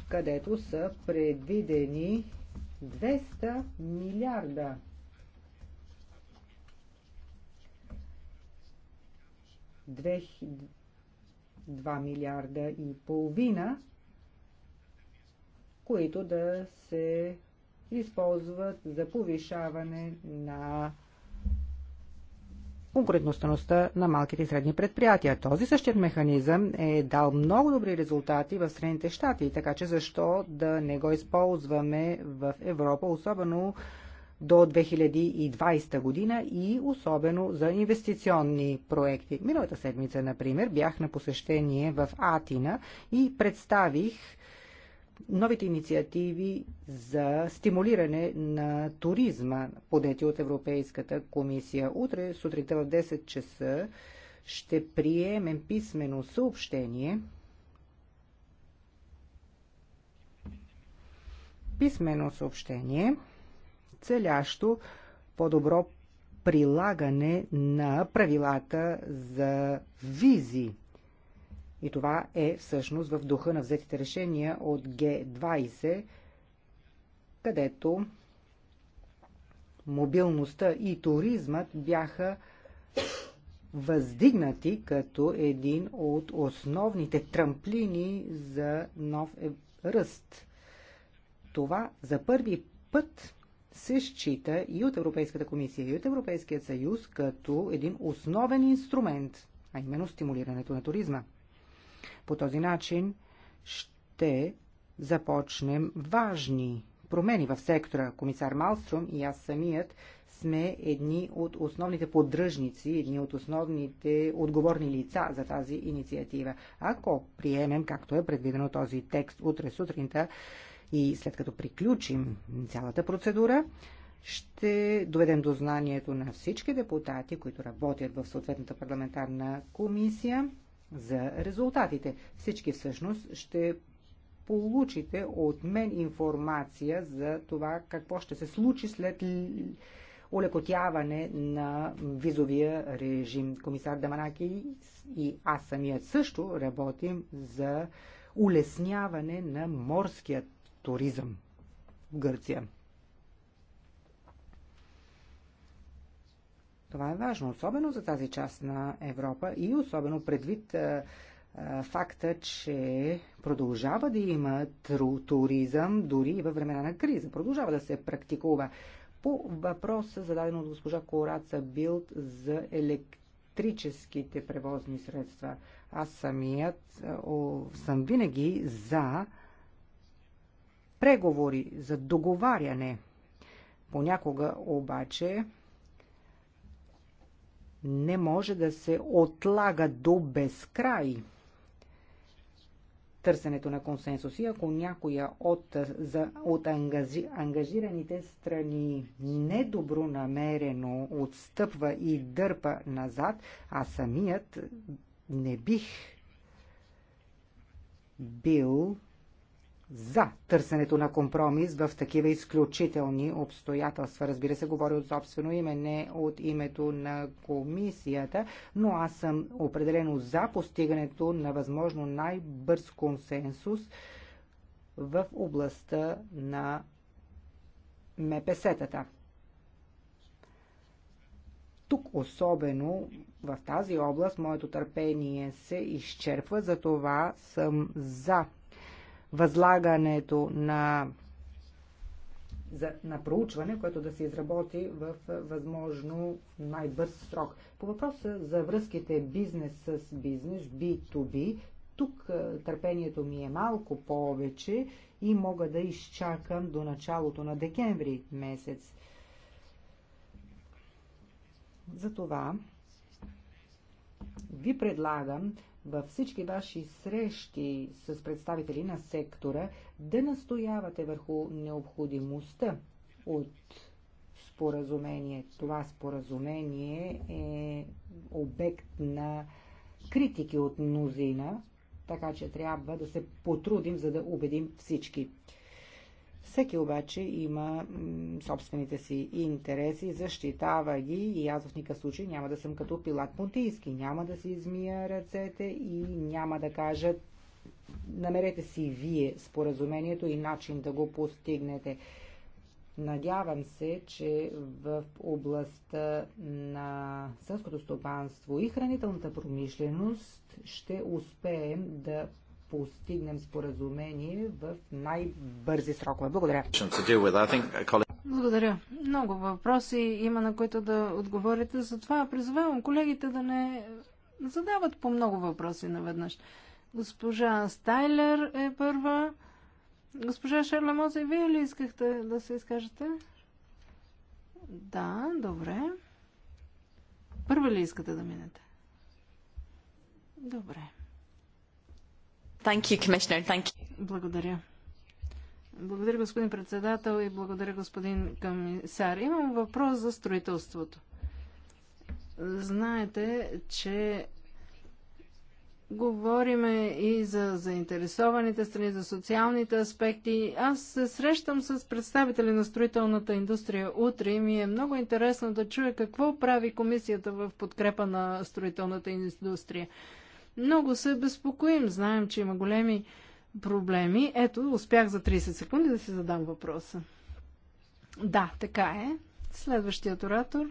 където са предвидени 200 милиарда. Два милиарда и половина, които да се използват за повишаване на конкурентността на малките и средни предприятия. Този същият механизъм е дал много добри резултати в Средните щати, така че защо да не го използваме в Европа, особено до 2020 година и особено за инвестиционни проекти. Миналата седмица, например, бях на посещение в Атина и представих новите инициативи за стимулиране на туризма, подети от Европейската комисия. Утре сутринта в 10 часа ще приемем писмено съобщение писмено съобщение, целящо по-добро прилагане на правилата за визи и това е всъщност в духа на взетите решения от Г20, където мобилността и туризмът бяха въздигнати като един от основните трамплини за нов е, ръст. Това за първи път се счита и от Европейската комисия, и от Европейския съюз като един основен инструмент, а именно стимулирането на туризма. По този начин ще започнем важни промени в сектора. Комисар Малстром и аз самият сме едни от основните поддръжници, едни от основните отговорни лица за тази инициатива. Ако приемем, както е предвидено този текст утре сутринта и след като приключим цялата процедура, ще доведем до знанието на всички депутати, които работят в съответната парламентарна комисия, за резултатите. Всички всъщност ще получите от мен информация за това какво ще се случи след улекотяване на визовия режим. Комисар Даманаки и аз самият също работим за улесняване на морският туризъм в Гърция. Това е важно, особено за тази част на Европа и особено предвид а, е, а, е, факта, че продължава да има тру, туризъм дори и във времена на криза. Продължава да се практикува. По въпроса, зададен от госпожа Кораца Билд за електрическите превозни средства, аз самият е, о, съм винаги за преговори, за договаряне. Понякога обаче не може да се отлага до безкрай търсенето на консенсус. И ако някоя от, за, от ангази, ангажираните страни недобронамерено отстъпва и дърпа назад, а самият не бих бил за търсенето на компромис в такива изключителни обстоятелства. Разбира се, говори от собствено име, не от името на комисията, но аз съм определено за постигането на възможно най-бърз консенсус в областта на МПС-тата. Тук особено в тази област моето търпение се изчерпва, затова съм за възлагането на, за, на проучване, което да се изработи в възможно най-бърз срок. По въпроса за връзките бизнес с бизнес, B2B, тук търпението ми е малко повече и мога да изчакам до началото на декември месец. Затова ви предлагам във всички ваши срещи с представители на сектора да настоявате върху необходимостта от споразумение. Това споразумение е обект на критики от мнозина, така че трябва да се потрудим, за да убедим всички. Всеки обаче има собствените си интереси, защитава ги и аз в никакъв случай няма да съм като Пилат Понтийски. Няма да си измия ръцете и няма да кажа намерете си вие споразумението и начин да го постигнете. Надявам се, че в областта на сънското стопанство и хранителната промишленост ще успеем да постигнем споразумение в най-бързи срокове. Благодаря. Благодаря. Много въпроси има на които да отговорите, затова призовавам колегите да не задават по много въпроси наведнъж. Госпожа Стайлер е първа. Госпожа Шерла и вие ли искахте да се изкажете? Да, добре. Първа ли искате да минете? Добре. You, Благодаря. Благодаря, господин председател и благодаря, господин комисар. Имам въпрос за строителството. Знаете, че говориме и за заинтересованите страни, за социалните аспекти. Аз се срещам с представители на строителната индустрия утре и ми е много интересно да чуя какво прави комисията в подкрепа на строителната индустрия. Много се безпокоим. Знаем, че има големи проблеми. Ето, успях за 30 секунди да си задам въпроса. Да, така е. Следващият оратор.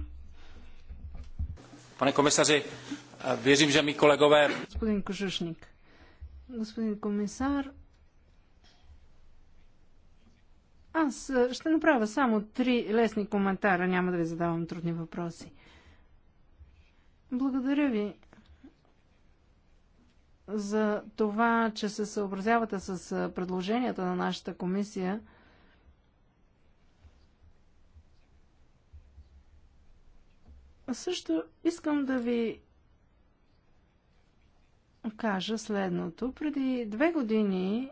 Пане комисари, вярвам, че ми колегове. Господин Кожушник. Господин комисар, аз ще направя само три лесни коментара, няма да ви задавам трудни въпроси. Благодаря ви за това, че се съобразявате с предложенията на нашата комисия. Също искам да ви кажа следното. Преди две години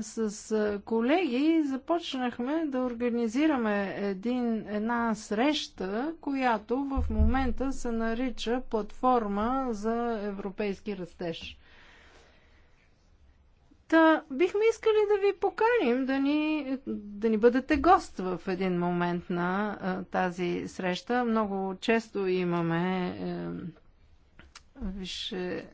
с колеги започнахме да организираме един, една среща, която в момента се нарича Платформа за европейски растеж. Та, бихме искали да ви поканим да ни, да ни бъдете гост в един момент на а, тази среща. Много често имаме е, висше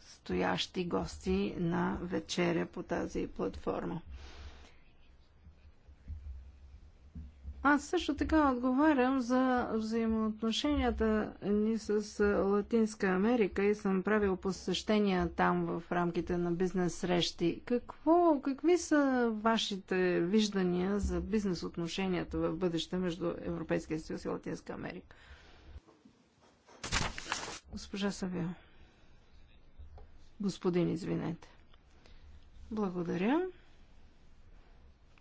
стоящи гости на вечеря по тази платформа. Аз също така отговарям за взаимоотношенията ни с Латинска Америка и съм правил посещения там в рамките на бизнес срещи. Какво, какви са вашите виждания за бизнес отношенията в бъдеще между Европейския съюз и Латинска Америка? Госпожа Савио. Господин, извинете. Благодаря.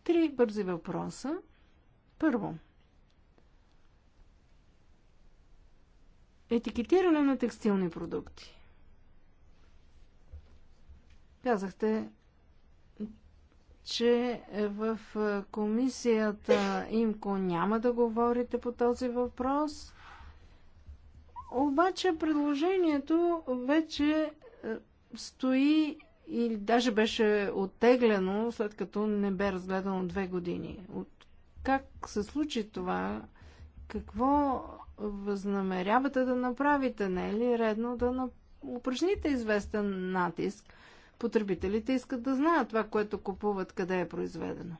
Три бързи въпроса. Първо. Етикетиране на текстилни продукти. Казахте, че в комисията ИМКО няма да говорите по този въпрос. Обаче предложението вече е, стои или даже беше оттеглено, след като не бе разгледано две години. От как се случи това? Какво възнамерявате да направите? Не е ли редно да упражните известен натиск? Потребителите искат да знаят това, което купуват, къде е произведено.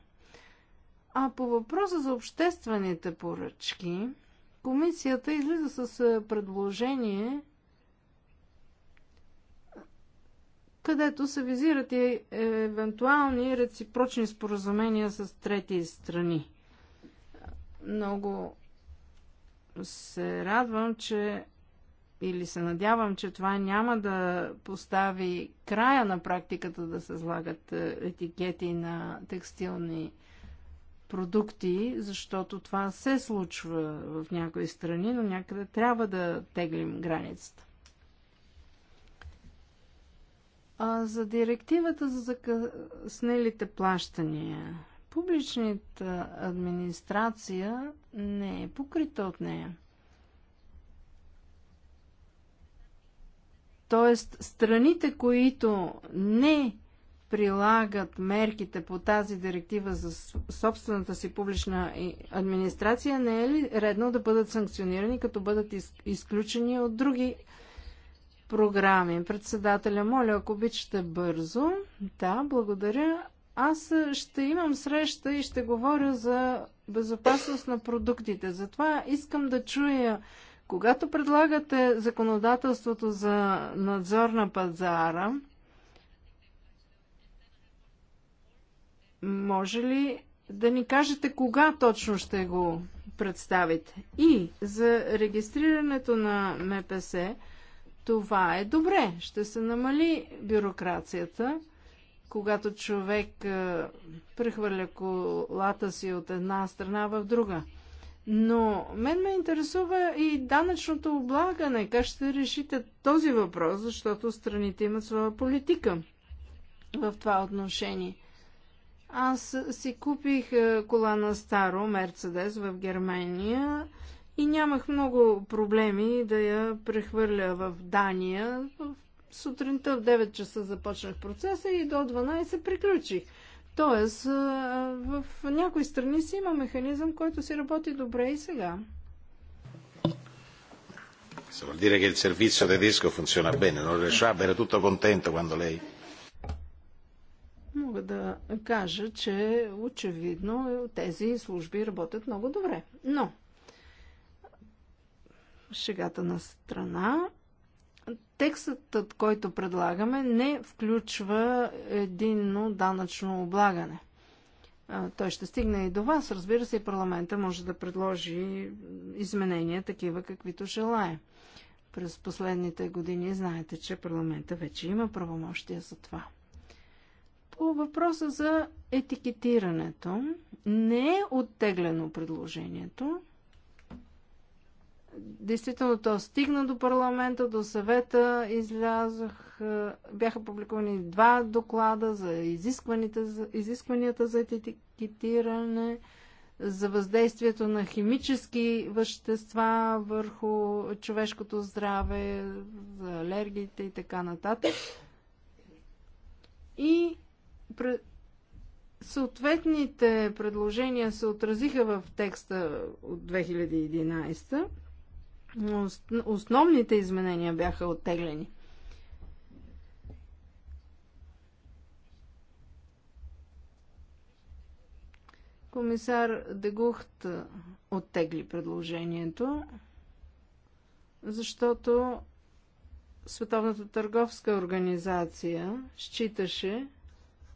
А по въпроса за обществените поръчки, комисията излиза с е, предложение където се визират и е, евентуални реципрочни споразумения с трети страни. Много се радвам, че или се надявам, че това няма да постави края на практиката да се слагат е, етикети на текстилни продукти, защото това се случва в някои страни, но някъде трябва да теглим границата. А за директивата за закъснелите плащания. Публичната администрация не е покрита от нея. Тоест, страните, които не прилагат мерките по тази директива за собствената си публична администрация, не е ли редно да бъдат санкционирани, като бъдат изключени от други програми. Председателя, моля, ако обичате бързо. Да, благодаря. Аз ще имам среща и ще говоря за безопасност на продуктите. Затова искам да чуя, когато предлагате законодателството за надзор на пазара, може ли да ни кажете кога точно ще го представите? И за регистрирането на МПС, това е добре. Ще се намали бюрокрацията. Когато човек е, прехвърля колата си от една страна в друга. Но мен ме интересува и данъчното облагане. Как ще решите този въпрос, защото страните имат своя политика в това отношение. Аз си купих е, кола на старо, Мерцедес, в Германия и нямах много проблеми да я прехвърля в Дания. Сутринта в 9 часа започнах процеса и до 12 приключих. Тоест, в някои страни си има механизъм, който си работи добре и сега. Questo vuol dire che il servizio tedesco funziona bene, non Schwab era tutto contento quando lei... Мога да кажа, че очевидно тези служби работят много добре. Но шегата на страна, текстът, който предлагаме, не включва единно данъчно облагане. Той ще стигне и до вас. Разбира се, и парламента може да предложи изменения такива, каквито желая. През последните години знаете, че парламента вече има правомощия за това. По въпроса за етикетирането, не е оттеглено предложението. Действително то стигна до парламента, до съвета, излязох, е, бяха публикувани два доклада за изискванията за етикетиране, за въздействието на химически вещества върху човешкото здраве, за алергиите и така нататък. И съответните предложения се отразиха в текста от 2011 Основните изменения бяха оттеглени. Комисар Дегухт оттегли предложението, защото Световната търговска организация считаше,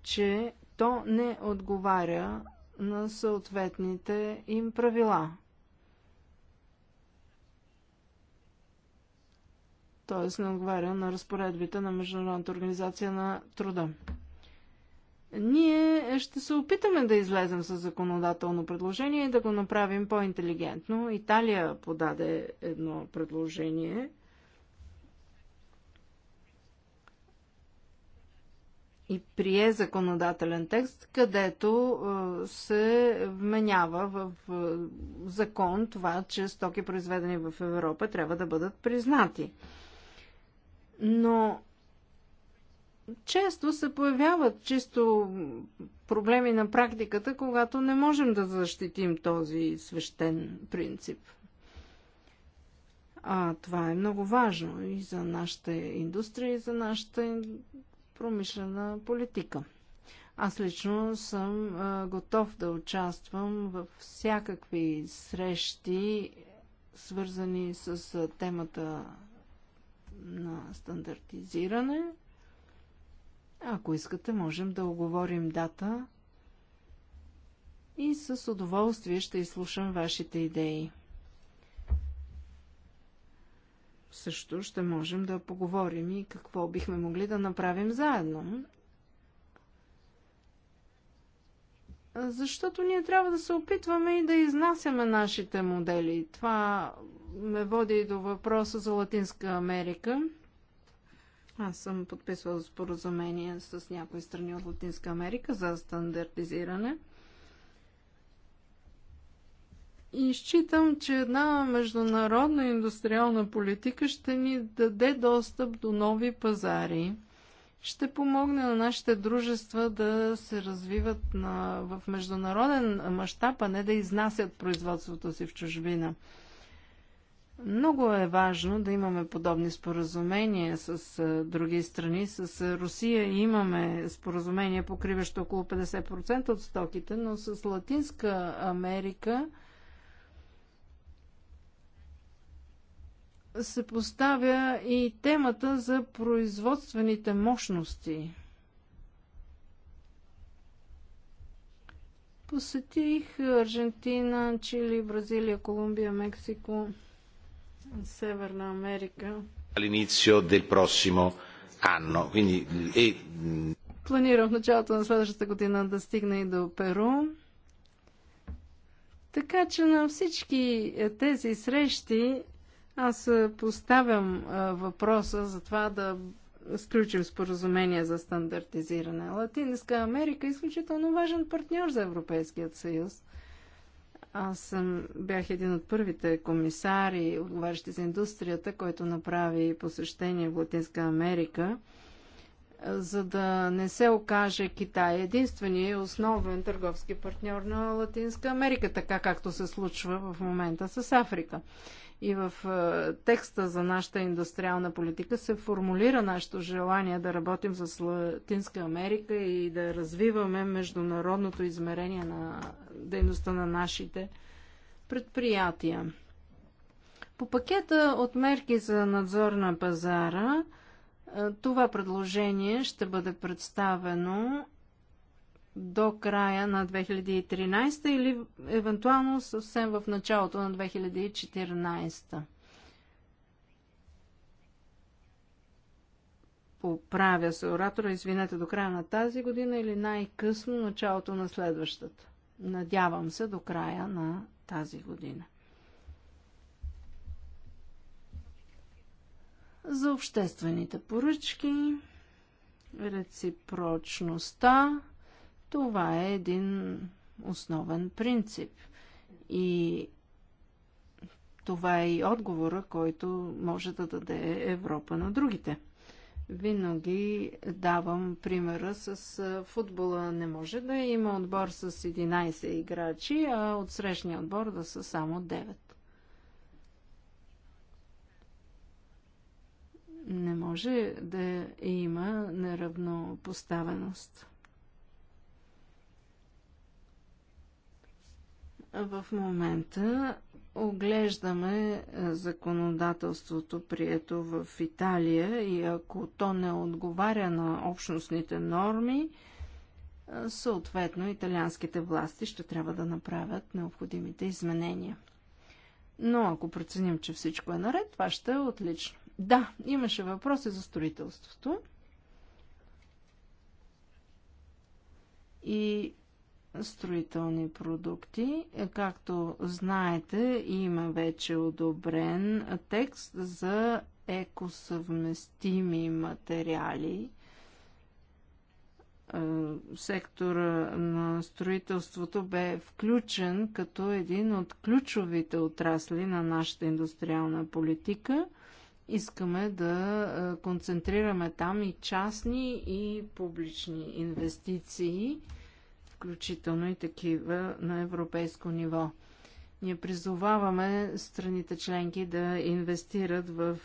че то не отговаря на съответните им правила. т.е. не отговаря на разпоредбите на Международната организация на труда. Ние ще се опитаме да излезем с законодателно предложение и да го направим по-интелигентно. Италия подаде едно предложение. И прие законодателен текст, където се вменява в закон това, че стоки, произведени в Европа, трябва да бъдат признати но често се появяват чисто проблеми на практиката, когато не можем да защитим този свещен принцип. А това е много важно и за нашата индустрия, и за нашата промишлена политика. Аз лично съм готов да участвам във всякакви срещи, свързани с темата на стандартизиране. Ако искате, можем да оговорим дата и с удоволствие ще изслушам вашите идеи. Също ще можем да поговорим и какво бихме могли да направим заедно. Защото ние трябва да се опитваме и да изнасяме нашите модели. Това ме води до въпроса за Латинска Америка. Аз съм подписвала споразумение с някои страни от Латинска Америка за стандартизиране. И считам, че една международна индустриална политика ще ни даде достъп до нови пазари. Ще помогне на нашите дружества да се развиват на, в международен мащаб, а не да изнасят производството си в чужбина. Много е важно да имаме подобни споразумения с други страни. С Русия имаме споразумение, покриващо около 50% от стоките, но с Латинска Америка се поставя и темата за производствените мощности. Посетих Аржентина, Чили, Бразилия, Колумбия, Мексико. Северна Америка. All'inizio del prossimo anno. Quindi, e... Планирам в началото на следващата година да стигне и до Перу. Така че на всички тези срещи аз поставям въпроса за това да сключим споразумение за стандартизиране. Латинска Америка е изключително важен партньор за Европейският съюз. Аз съм, бях един от първите комисари, отговарящи за индустрията, който направи посещение в Латинска Америка, за да не се окаже Китай единствения основен търговски партньор на Латинска Америка, така както се случва в момента с Африка и в е, текста за нашата индустриална политика се формулира нашето желание да работим с Латинска Америка и да развиваме международното измерение на дейността на нашите предприятия. По пакета от мерки за надзор на пазара, е, това предложение ще бъде представено до края на 2013 или евентуално съвсем в началото на 2014. Поправя се оратора, извинете, до края на тази година или най-късно началото на следващата. Надявам се до края на тази година. За обществените поръчки, реципрочността, това е един основен принцип. И това е и отговора, който може да даде Европа на другите. Винаги давам примера с футбола. Не може да има отбор с 11 играчи, а от срещния отбор да са само 9. Не може да има неравнопоставеност. В момента оглеждаме е, законодателството, прието в Италия и ако то не отговаря на общностните норми, е, съответно италианските власти ще трябва да направят необходимите изменения. Но ако преценим, че всичко е наред, това ще е отлично. Да, имаше въпроси за строителството. И строителни продукти. Както знаете, има вече одобрен текст за екосъвместими материали. Е, сектора на строителството бе включен като един от ключовите отрасли на нашата индустриална политика. Искаме да е, концентрираме там и частни, и публични инвестиции включително и такива на европейско ниво. Ние призоваваме страните членки да инвестират в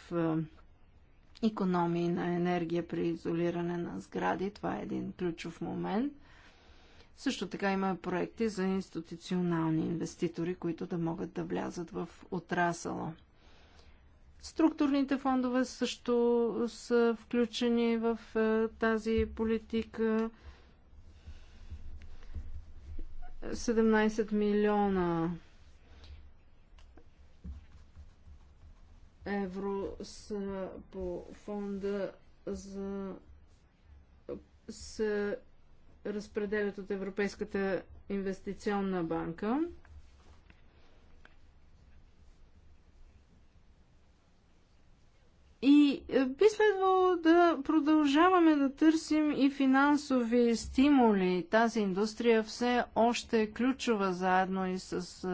економии на енергия при изолиране на сгради. Това е един ключов момент. Също така има проекти за институционални инвеститори, които да могат да влязат в отрасъла. Структурните фондове също са включени в е, тази политика. 17 милиона евро са по фонда за се разпределят от Европейската инвестиционна банка. И е, би следвало да продължаваме да търсим и финансови стимули. Тази индустрия все още е ключова заедно и с е,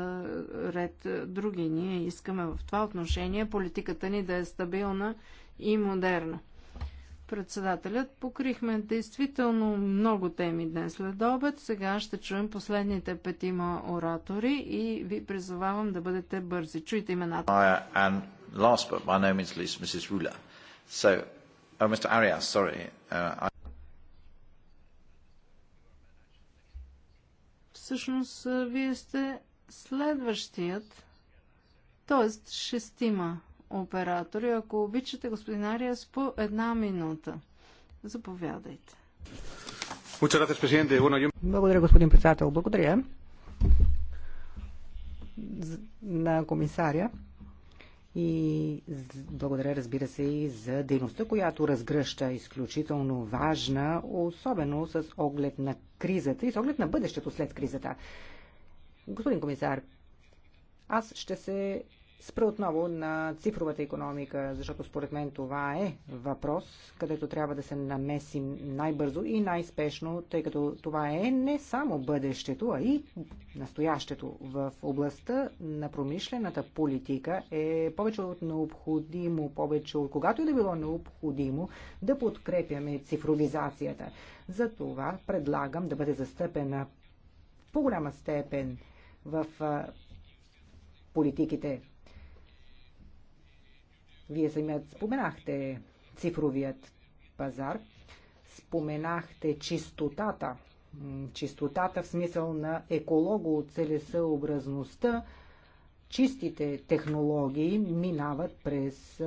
ред е, други. Ние искаме в това отношение политиката ни да е стабилна и модерна. Председателят покрихме действително много теми днес след обед. Сега ще чуем последните петима оратори и ви призовавам да бъдете бързи. Чуйте имената last but by no means least, Mrs. Ruler. So, oh, Mr. Arias, sorry. Uh, I... Всъщност, вие сте следващият, т.е. шестима оператори. Ако обичате, господин Ариас, по една минута. Заповядайте. Благодаря, господин председател. Благодаря на комисаря и благодаря, разбира се, и за дейността, която разгръща изключително важна, особено с оглед на кризата и с оглед на бъдещето след кризата. Господин комисар, аз ще се спра отново на цифровата економика, защото според мен това е въпрос, където трябва да се намесим най-бързо и най-спешно, тъй като това е не само бъдещето, а и настоящето в областта на промишлената политика е повече от необходимо, повече от когато и да било необходимо да подкрепяме цифровизацията. За това предлагам да бъде застъпена в по-голяма степен в политиките вие самият споменахте цифровият пазар, споменахте чистотата, чистотата в смисъл на еколого, целесъобразността, чистите технологии минават през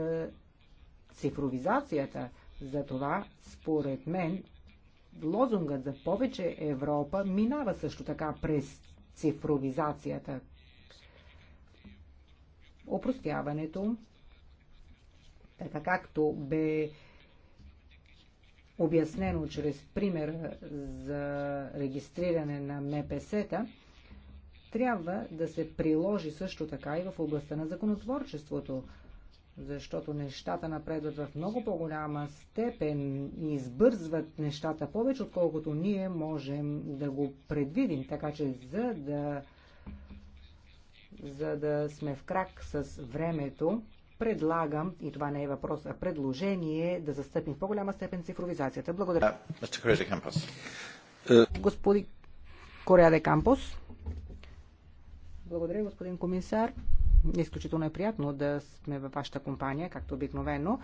цифровизацията. Затова, според мен, лозунгът за повече Европа минава също така през цифровизацията. Опростяването, така както бе обяснено чрез пример за регистриране на МПС-та, трябва да се приложи също така и в областта на законотворчеството, защото нещата напредват в много по-голяма степен и избързват нещата повече, отколкото ние можем да го предвидим. Така че за да, за да сме в крак с времето, предлагам, и това не е въпрос, а предложение, да застъпим в по-голяма степен цифровизацията. Благодаря. Е. Господин Кореа де Кампос. Благодаря, господин комисар. Изключително е приятно да сме във вашата компания, както обикновено.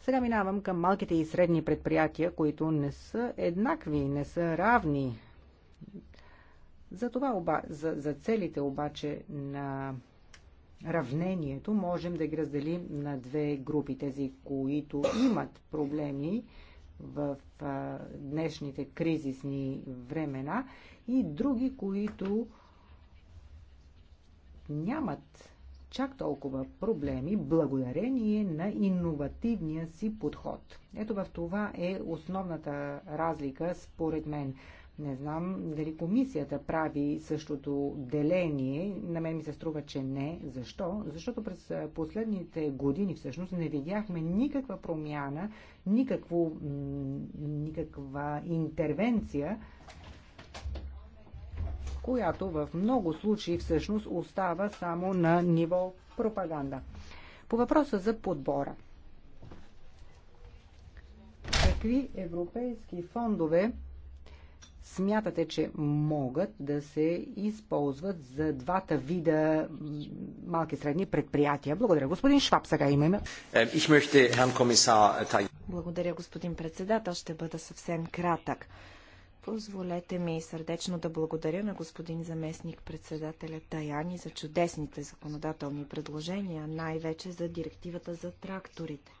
Сега минавам към малките и средни предприятия, които не са еднакви, не са равни. За, това, оба, за, за целите обаче на равнението можем да ги разделим на две групи. Тези, които имат проблеми в а, днешните кризисни времена и други, които нямат чак толкова проблеми благодарение на иновативния си подход. Ето в това е основната разлика според мен. Не знам дали комисията прави същото деление. На мен ми се струва, че не. Защо? Защото през последните години всъщност не видяхме никаква промяна, никакво, никаква интервенция, която в много случаи всъщност остава само на ниво пропаганда. По въпроса за подбора. Какви европейски фондове смятате, че могат да се използват за двата вида малки и средни предприятия? Благодаря. Господин Шваб, сега имаме. Е, е, благодаря, господин председател. Ще бъда съвсем кратък. Позволете ми сърдечно да благодаря на господин заместник председателя Таяни за чудесните законодателни предложения, най-вече за директивата за тракторите.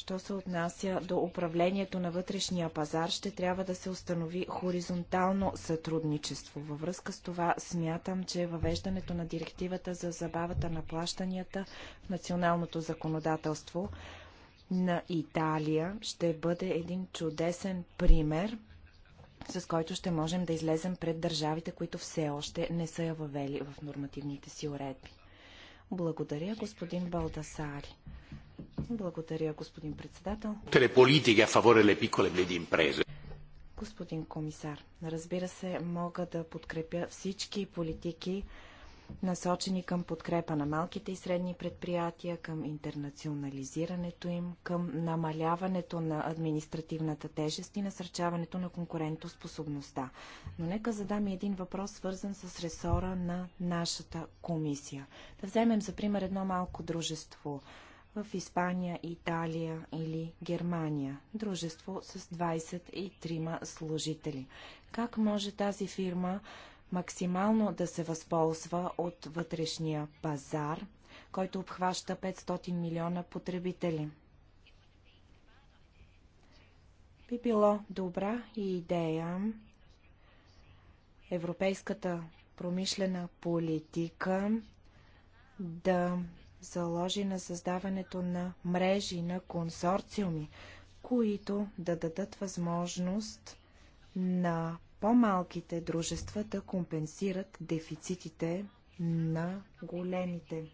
Що се отнася до управлението на вътрешния пазар, ще трябва да се установи хоризонтално сътрудничество. Във връзка с това смятам, че въвеждането на директивата за забавата на плащанията в националното законодателство на Италия ще бъде един чудесен пример, с който ще можем да излезем пред държавите, които все още не са я въвели в нормативните си уредби. Благодаря, господин Балдасари. Благодаря, господин председател. Телеполитики а фаворе ле пиколе меди импрезе. Господин комисар, разбира се, мога да подкрепя всички политики, насочени към подкрепа на малките и средни предприятия, към интернационализирането им, към намаляването на административната тежест и насърчаването на конкурентоспособността. Но нека задам и един въпрос, свързан с ресора на нашата комисия. Да вземем за пример едно малко дружество – в Испания, Италия или Германия. Дружество с 23 служители. Как може тази фирма максимално да се възползва от вътрешния пазар, който обхваща 500 милиона потребители? Би било добра и идея европейската промишлена политика да заложи на създаването на мрежи, на консорциуми, които да дадат възможност на по-малките дружества да компенсират дефицитите на големите.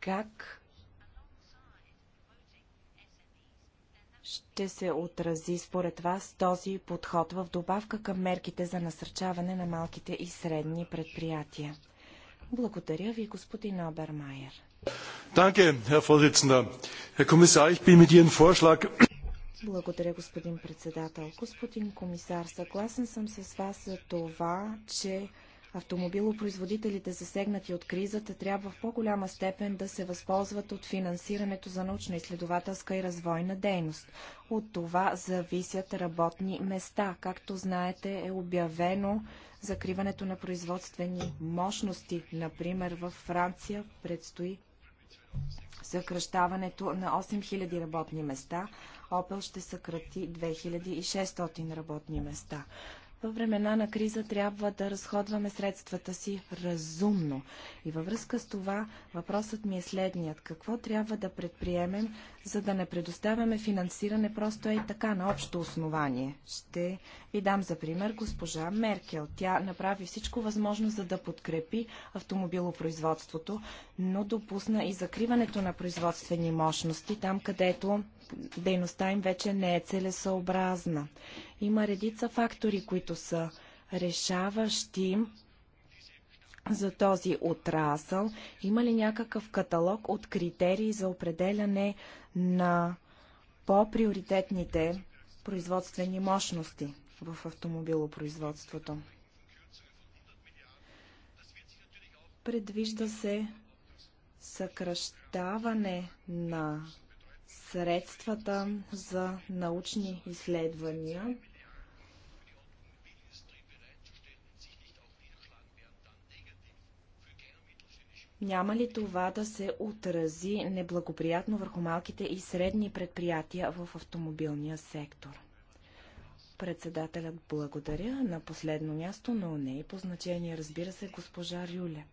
Как ще се отрази според вас този подход в добавка към мерките за насърчаване на малките и средни предприятия? Благодаря ви, господин Обермайер. Danke, Herr Vorsitzender. Herr Kommissar, ich bin mit Ihrem Vorschlag благодаря, господин председател. Господин комисар, съгласен съм с вас за това, че автомобилопроизводителите, засегнати от кризата, трябва в по-голяма степен да се възползват от финансирането за научно-изследователска и развойна дейност. От това зависят работни места. Както знаете, е обявено закриването на производствени мощности. Например, във Франция предстои съкръщаването на 8000 работни места. Опел ще съкрати 2600 работни места във времена на криза трябва да разходваме средствата си разумно. И във връзка с това въпросът ми е следният. Какво трябва да предприемем, за да не предоставяме финансиране просто е така на общо основание? Ще ви дам за пример госпожа Меркел. Тя направи всичко възможно, за да подкрепи автомобилопроизводството, но допусна и закриването на производствени мощности там, където дейността им вече не е целесообразна. Има редица фактори, които са решаващи за този отрасъл? Има ли някакъв каталог от критерии за определяне на по-приоритетните производствени мощности в автомобилопроизводството? Предвижда се съкръщаване на средствата за научни изследвания Няма ли това да се отрази неблагоприятно върху малките и средни предприятия в автомобилния сектор? Председателят благодаря. На последно място, но не и по значение, разбира се, госпожа Рюле.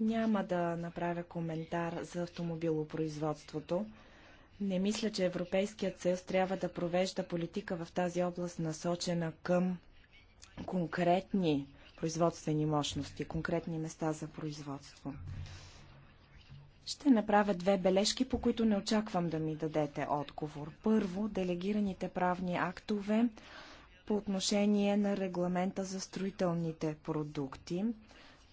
Няма да направя коментар за автомобилопроизводството. Не мисля, че Европейският съюз трябва да провежда политика в тази област насочена към конкретни производствени мощности, конкретни места за производство. Ще направя две бележки, по които не очаквам да ми дадете отговор. Първо, делегираните правни актове по отношение на регламента за строителните продукти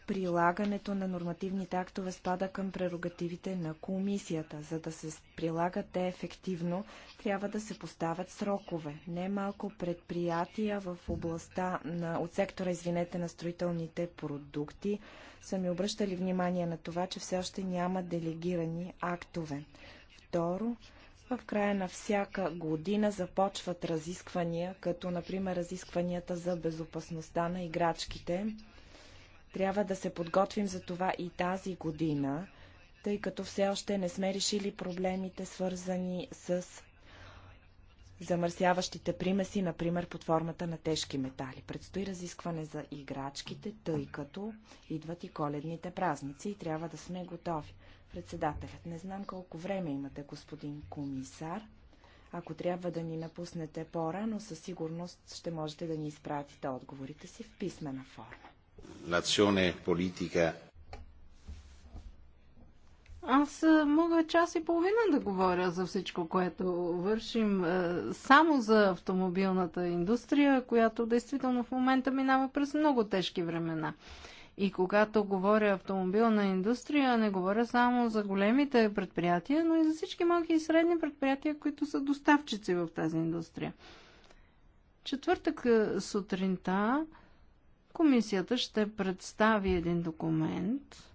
прилагането на нормативните актове спада към прерогативите на комисията. За да се прилагат те ефективно, трябва да се поставят срокове. Немалко предприятия в областта на, от сектора извинете, на строителните продукти са ми обръщали внимание на това, че все още няма делегирани актове. Второ, в края на всяка година започват разисквания, като например разискванията за безопасността на играчките – трябва да се подготвим за това и тази година, тъй като все още не сме решили проблемите, свързани с замърсяващите примеси, например под формата на тежки метали. Предстои разискване за играчките, тъй като идват и коледните празници и трябва да сме готови. Председателят, не знам колко време имате, господин комисар. Ако трябва да ни напуснете по-рано, със сигурност ще можете да ни изпратите отговорите си в писмена форма. L'azione политика. Аз е, мога час и половина да говоря за всичко, което вършим е, само за автомобилната индустрия, която действително в момента минава през много тежки времена. И когато говоря автомобилна индустрия, не говоря само за големите предприятия, но и за всички малки и средни предприятия, които са доставчици в тази индустрия. Четвъртък е, сутринта Комисията ще представи един документ,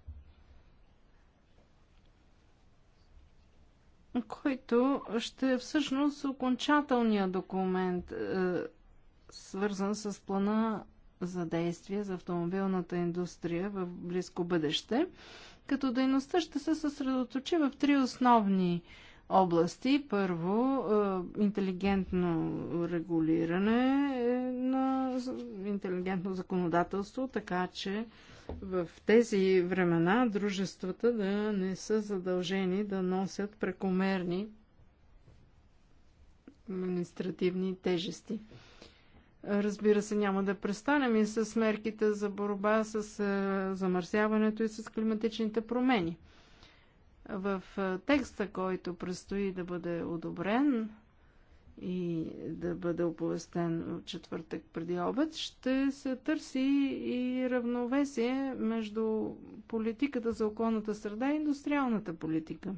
който ще е всъщност окончателният документ, е, свързан с плана за действие за автомобилната индустрия в близко бъдеще, като дейността ще се съсредоточи в три основни области. Първо, е, интелигентно регулиране е на интелигентно законодателство, така че в тези времена дружествата да не са задължени да носят прекомерни административни тежести. Разбира се, няма да престанем и с мерките за борба с е, замърсяването и с климатичните промени. В е, текста, който предстои да бъде одобрен, и да бъде оповестен в четвъртък преди обед, ще се търси и равновесие между политиката за околната среда и индустриалната политика.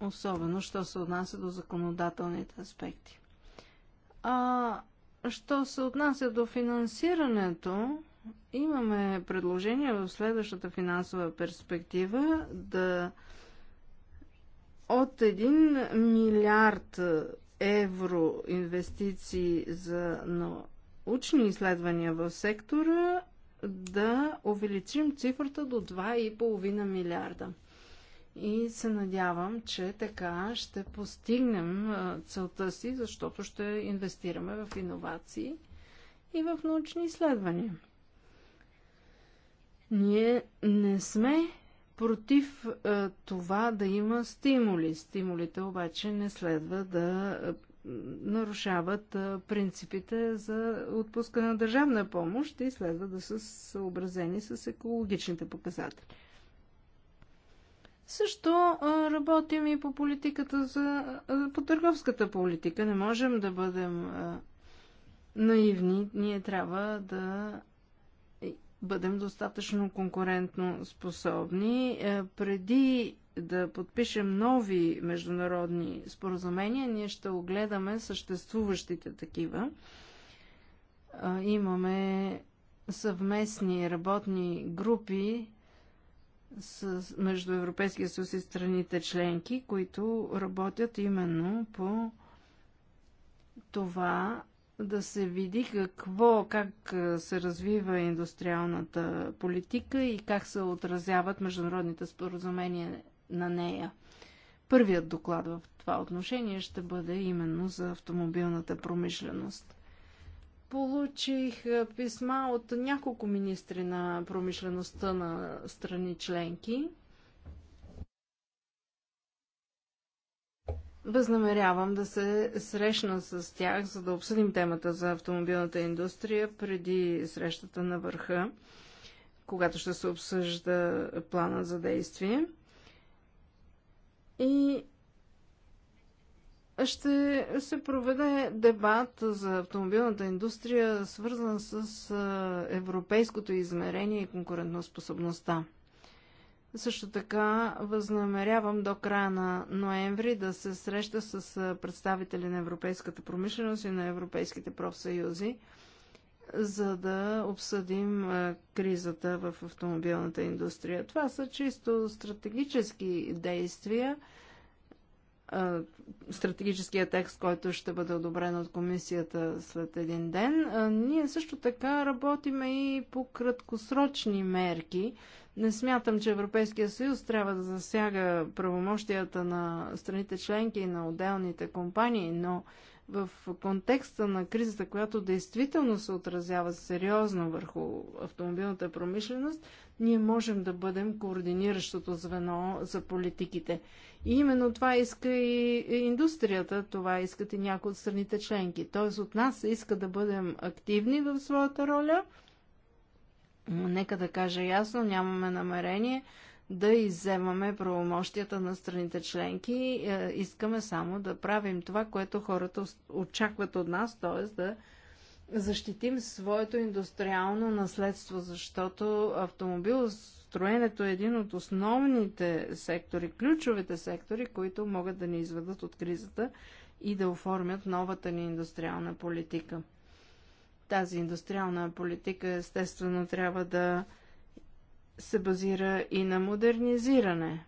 Особено, що се отнася до законодателните аспекти. А що се отнася до финансирането, имаме предложение в следващата финансова перспектива да от 1 милиард евро инвестиции за научни изследвания в сектора да увеличим цифрата до 2,5 милиарда. И се надявам, че така ще постигнем целта си, защото ще инвестираме в иновации и в научни изследвания. Ние не сме против е, това да има стимули. Стимулите обаче не следва да е, нарушават е, принципите за отпуска на държавна помощ и следва да са съобразени с екологичните показатели. Също работим и по политиката за... по търговската политика. Не можем да бъдем наивни. Ние трябва да бъдем достатъчно конкурентно способни. Е, преди да подпишем нови международни споразумения, ние ще огледаме съществуващите такива. Е, имаме съвместни работни групи с, между Европейския съюз и страните членки, които работят именно по това да се види какво, как се развива индустриалната политика и как се отразяват международните споразумения на нея. Първият доклад в това отношение ще бъде именно за автомобилната промишленост. Получих писма от няколко министри на промишлеността на страни членки – Възнамерявам да се срещна с тях, за да обсъдим темата за автомобилната индустрия преди срещата на върха, когато ще се обсъжда плана за действие. И ще се проведе дебат за автомобилната индустрия, свързан с европейското измерение и конкурентоспособността. Също така възнамерявам до края на ноември да се среща с представители на европейската промишленост и на европейските профсъюзи, за да обсъдим кризата в автомобилната индустрия. Това са чисто стратегически действия, стратегическия текст, който ще бъде одобрен от комисията след един ден. Ние също така работиме и по краткосрочни мерки. Не смятам, че Европейския съюз трябва да засяга правомощията на страните членки и на отделните компании, но в контекста на кризата, която действително се отразява сериозно върху автомобилната промишленост, ние можем да бъдем координиращото звено за политиките. И именно това иска и индустрията, това искат и някои от страните членки. Т.е. от нас се иска да бъдем активни в своята роля. Но нека да кажа ясно, нямаме намерение да изземаме правомощията на страните членки. Е, искаме само да правим това, което хората очакват от нас, т.е. да защитим своето индустриално наследство, защото автомобилостроенето е един от основните сектори, ключовите сектори, които могат да ни изведат от кризата и да оформят новата ни индустриална политика. Тази индустриална политика естествено трябва да се базира и на модернизиране.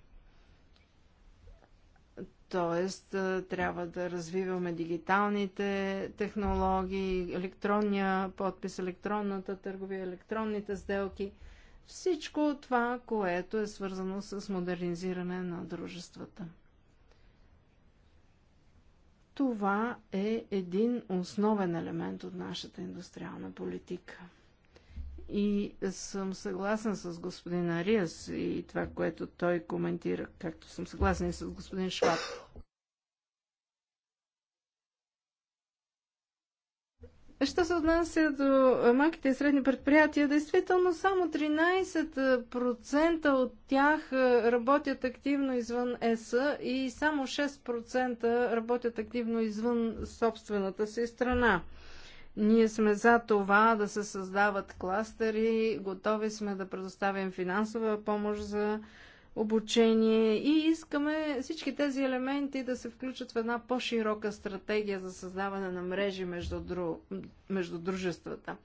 Тоест, трябва да развиваме дигиталните технологии, електронния подпис, електронната търговия, електронните сделки. Всичко това, което е свързано с модернизиране на дружествата. Това е един основен елемент от нашата индустриална политика – и съм съгласен с господин Ариас и това, което той коментира, както съм съгласен и с господин Шваб. Що се отнася до малките и средни предприятия, действително само 13% от тях работят активно извън ЕС и само 6% работят активно извън собствената си страна. Ние сме за това да се създават кластери, готови сме да предоставим финансова помощ за обучение и искаме всички тези елементи да се включат в една по-широка стратегия за създаване на мрежи между, дру... между дружествата.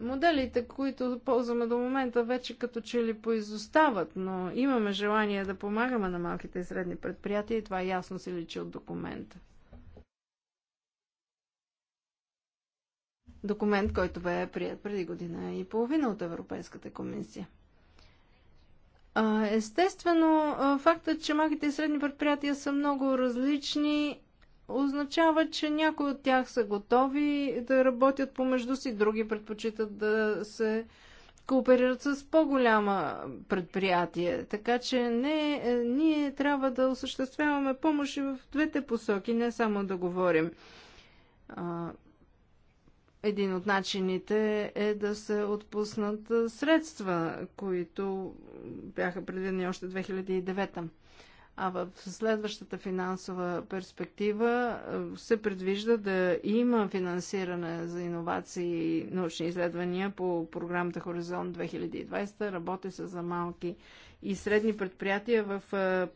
Моделите, които ползваме до момента, вече като че ли поизостават, но имаме желание да помагаме на малките и средни предприятия и това ясно се личи от документа. документ, който бе прият преди година и половина от Европейската комисия. Естествено, фактът, че малките и средни предприятия са много различни, означава, че някои от тях са готови да работят помежду си, други предпочитат да се кооперират с по-голяма предприятие. Така че не, е, ние трябва да осъществяваме помощ и в двете посоки, не само да говорим един от начините е да се отпуснат средства, които бяха предвидени още 2009. А в следващата финансова перспектива се предвижда да има финансиране за иновации и научни изследвания по програмата Хоризонт 2020. Работи се за малки и средни предприятия в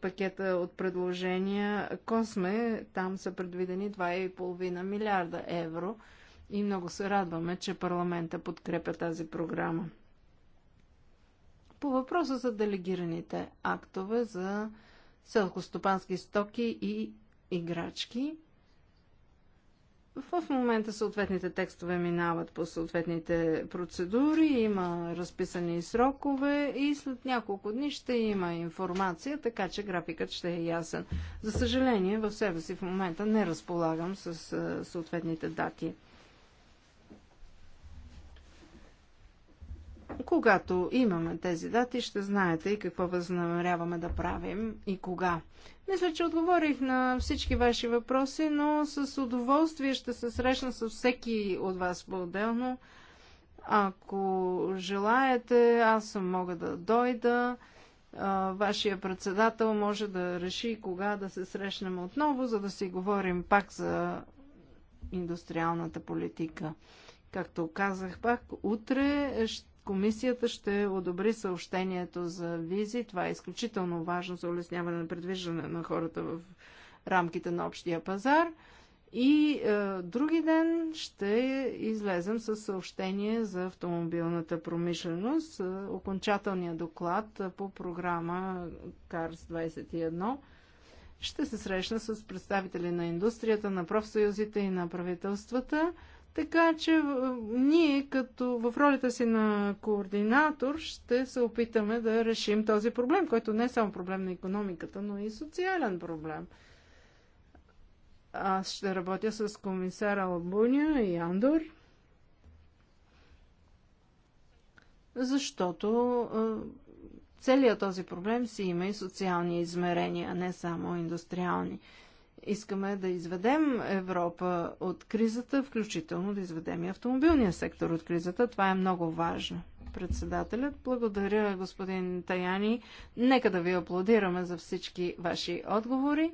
пакета от предложения Косме. Там са предвидени 2,5 милиарда евро – и много се радваме, че парламента подкрепя тази програма. По въпроса за делегираните актове за селхостопански стоки и играчки, в момента съответните текстове минават по съответните процедури, има разписани срокове и след няколко дни ще има информация, така че графикът ще е ясен. За съжаление, в себе си в момента не разполагам с е, съответните дати. Когато имаме тези дати, ще знаете и какво възнамеряваме да правим и кога. Мисля, че отговорих на всички ваши въпроси, но с удоволствие ще се срещна с всеки от вас по-отделно. Ако желаете, аз мога да дойда. Вашия председател може да реши кога да се срещнем отново, за да си говорим пак за индустриалната политика. Както казах пак, утре ще комисията ще одобри съобщението за визи. Това е изключително важно за улесняване на предвиждане на хората в рамките на общия пазар. И е, други ден ще излезем с съобщение за автомобилната промишленост, е, окончателния доклад по програма CARS 21. Ще се срещна с представители на индустрията, на профсъюзите и на правителствата. Така че ние като в ролята си на координатор ще се опитаме да решим този проблем, който не е само проблем на економиката, но и социален проблем. Аз ще работя с комисара Албуния и Андор, защото целият този проблем си има и социални измерения, а не само индустриални. Искаме да изведем Европа от кризата, включително да изведем и автомобилния сектор от кризата. Това е много важно. Председателят, благодаря господин Таяни. Нека да ви аплодираме за всички ваши отговори.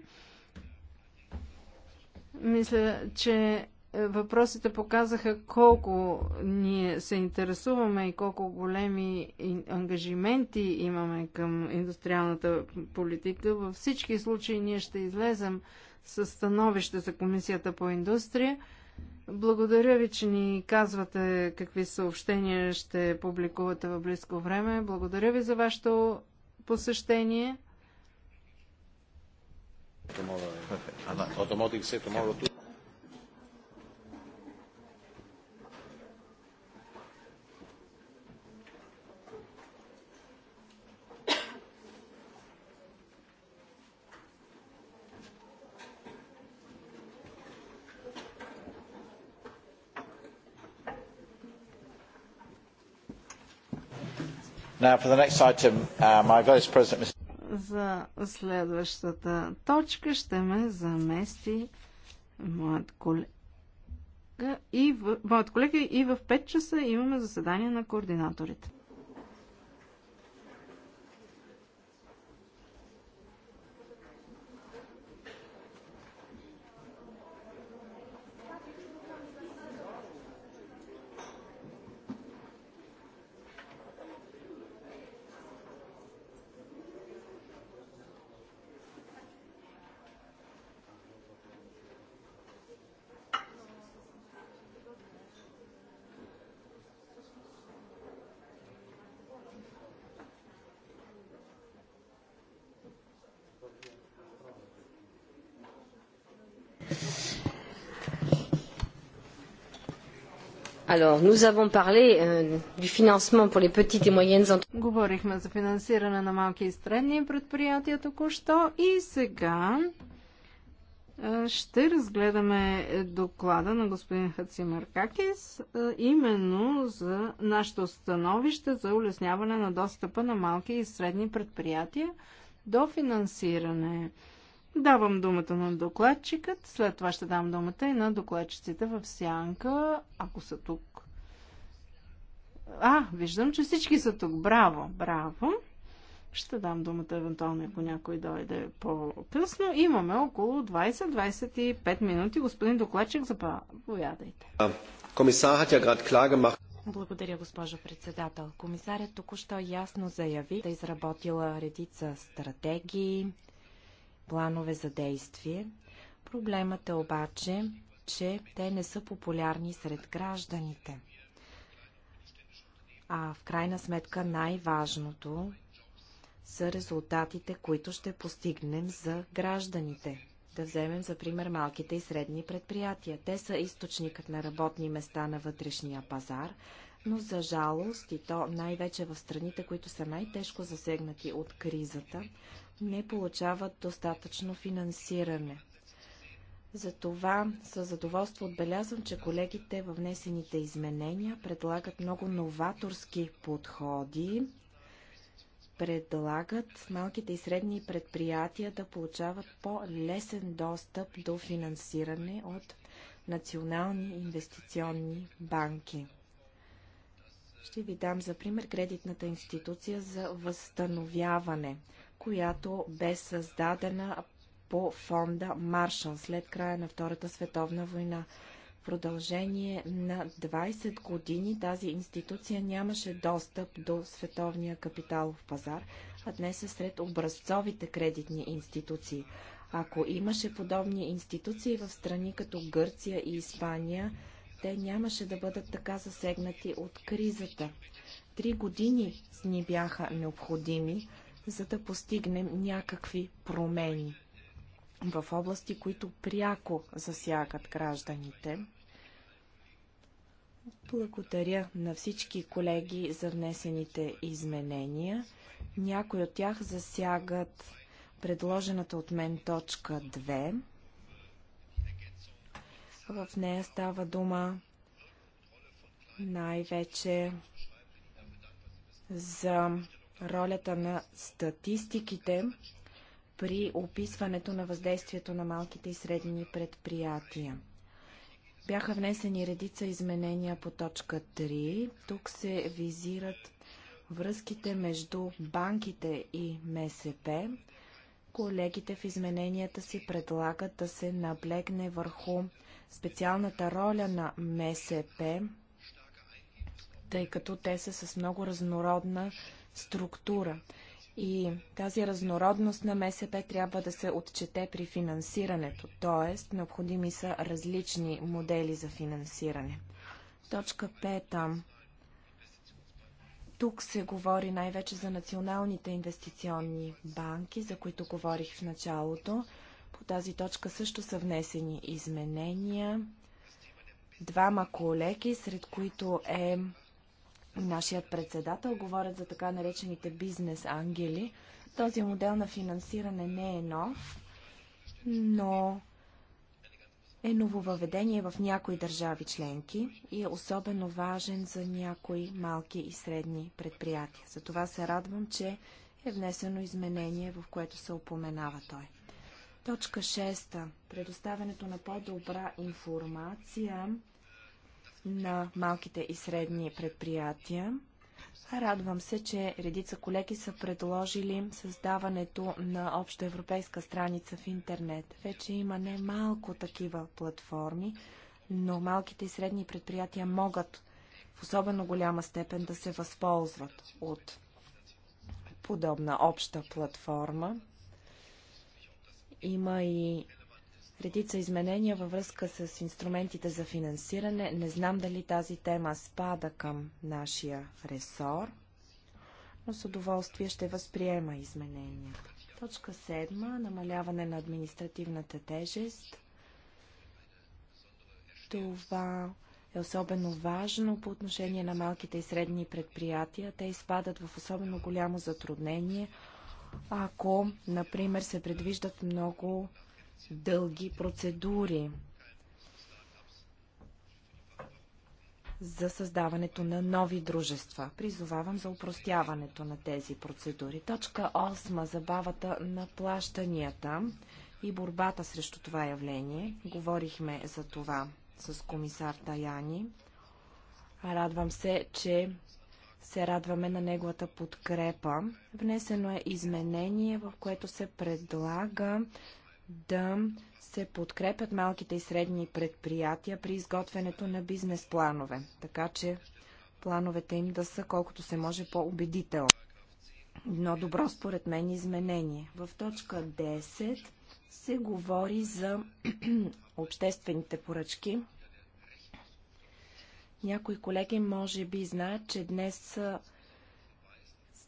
Мисля, че въпросите показаха колко ние се интересуваме и колко големи ангажименти имаме към индустриалната политика. Във всички случаи ние ще излезем с становище за Комисията по индустрия. Благодаря ви, че ни казвате какви съобщения ще публикувате в близко време. Благодаря ви за вашето посещение. Automotive say tomorrow too. Now for the next item, uh, my vice president, Mr. За следващата точка ще ме замести моят колега и в, моят колега и в 5 часа имаме заседание на координаторите. Alors, nous avons parlé euh, du financement pour les petites et moyennes entreprises. Говорихме за финансиране на малки и средни предприятия току-що и сега ще разгледаме доклада на господин Хацимаркакис именно за нашето становище за улесняване на достъпа на малки и средни предприятия до финансиране. Давам думата на докладчикът, след това ще дам думата и на докладчиците в сянка, ако са тук. А, виждам, че всички са тук. Браво, браво. Ще дам думата евентуално, ако някой дойде по-късно. Имаме около 20-25 минути. Господин докладчик, заповядайте. Комисар hat благодаря, госпожо председател. Комисарят току-що ясно заяви да е изработила редица стратегии, планове за действие. Проблемът е обаче, че те не са популярни сред гражданите. А в крайна сметка най-важното са резултатите, които ще постигнем за гражданите. Да вземем за пример малките и средни предприятия. Те са източникът на работни места на вътрешния пазар, но за жалост и то най-вече в страните, които са най-тежко засегнати от кризата, не получават достатъчно финансиране. Затова със задоволство отбелязвам, че колегите във внесените изменения предлагат много новаторски подходи, предлагат малките и средни предприятия да получават по-лесен достъп до финансиране от национални инвестиционни банки. Ще ви дам за пример кредитната институция за възстановяване – която бе създадена по фонда Маршал след края на Втората световна война. В продължение на 20 години тази институция нямаше достъп до световния капиталов пазар, а днес е сред образцовите кредитни институции. Ако имаше подобни институции в страни като Гърция и Испания, те нямаше да бъдат така засегнати от кризата. Три години ни бяха необходими, за да постигнем някакви промени в области, които пряко засягат гражданите. Благодаря на всички колеги за внесените изменения. Някои от тях засягат предложената от мен точка 2. В нея става дума най-вече за ролята на статистиките при описването на въздействието на малките и средни предприятия. Бяха внесени редица изменения по точка 3. Тук се визират връзките между банките и МСП. Колегите в измененията си предлагат да се наблегне върху специалната роля на МСП, тъй като те са с много разнородна структура. И тази разнородност на МСП трябва да се отчете при финансирането, т.е. необходими са различни модели за финансиране. Точка 5. Тук се говори най-вече за националните инвестиционни банки, за които говорих в началото. По тази точка също са внесени изменения. Двама колеки, сред които е нашият председател говорят за така наречените бизнес ангели. Този модел на финансиране не е нов, но е нововъведение в някои държави членки и е особено важен за някои малки и средни предприятия. Затова се радвам, че е внесено изменение, в което се упоменава той. Точка 6. Предоставянето на по-добра информация на малките и средни предприятия. Радвам се, че редица колеги са предложили създаването на обща европейска страница в интернет. Вече има немалко такива платформи, но малките и средни предприятия могат в особено голяма степен да се възползват от подобна обща платформа. Има и редица изменения във връзка с инструментите за финансиране. Не знам дали тази тема спада към нашия ресор, но с удоволствие ще възприема изменения. Точка 7. Намаляване на административната тежест. Това е особено важно по отношение на малките и средни предприятия. Те изпадат в особено голямо затруднение, ако, например, се предвиждат много дълги процедури за създаването на нови дружества. Призовавам за упростяването на тези процедури. Точка 8. Забавата на плащанията и борбата срещу това явление. Говорихме за това с комисар Таяни. Радвам се, че се радваме на неговата подкрепа. Внесено е изменение, в което се предлага да се подкрепят малките и средни предприятия при изготвянето на бизнес планове, така че плановете им да са колкото се може по-убедителни. Едно добро според мен изменение. В точка 10 се говори за обществените поръчки. Някои колеги може би знаят, че днес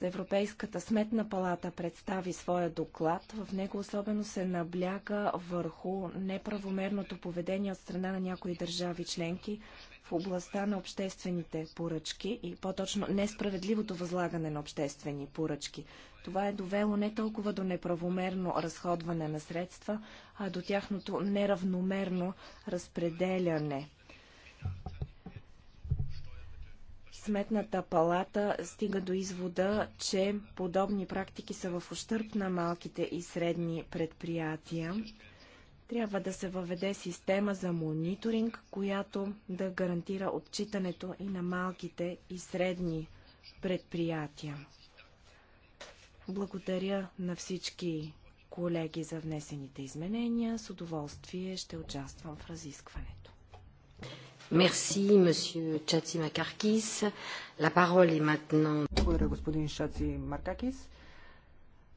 Европейската сметна палата представи своя доклад. В него особено се набляга върху неправомерното поведение от страна на някои държави членки в областта на обществените поръчки и по-точно несправедливото възлагане на обществени поръчки. Това е довело не толкова до неправомерно разходване на средства, а до тяхното неравномерно разпределяне – Сметната палата стига до извода, че подобни практики са в ущърп на малките и средни предприятия. Трябва да се въведе система за мониторинг, която да гарантира отчитането и на малките и средни предприятия. Благодаря на всички колеги за внесените изменения. С удоволствие ще участвам в разискването. Благодаря, господин Шаци Маркакис.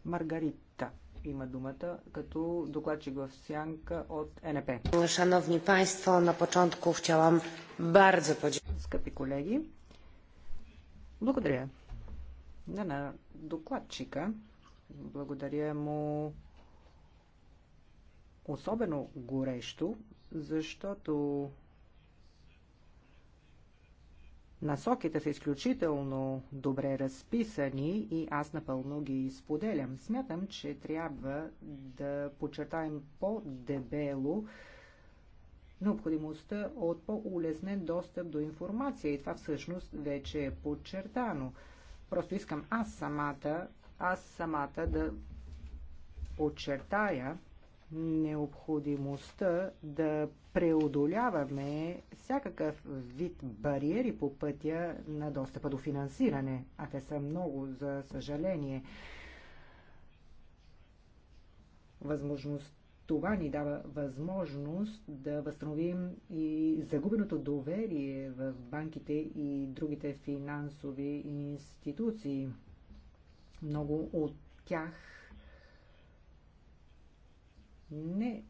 Маргарита има думата като докладчик в сянка от НП. Шановни państwo, на początku chciałam bardzo podziękować. Скъпи колеги, благодаря на, на докладчика. Благодаря му особено горещо, защото Насоките са изключително добре разписани и аз напълно ги споделям. Смятам, че трябва да подчертаем по-дебело необходимостта от по-улеснен достъп до информация и това всъщност вече е подчертано. Просто искам аз самата, аз самата да подчертая необходимостта да преодоляваме всякакъв вид бариери по пътя на достъпа до финансиране, а те са много, за съжаление. Възможност това ни дава възможност да възстановим и загубеното доверие в банките и другите финансови институции. Много от тях не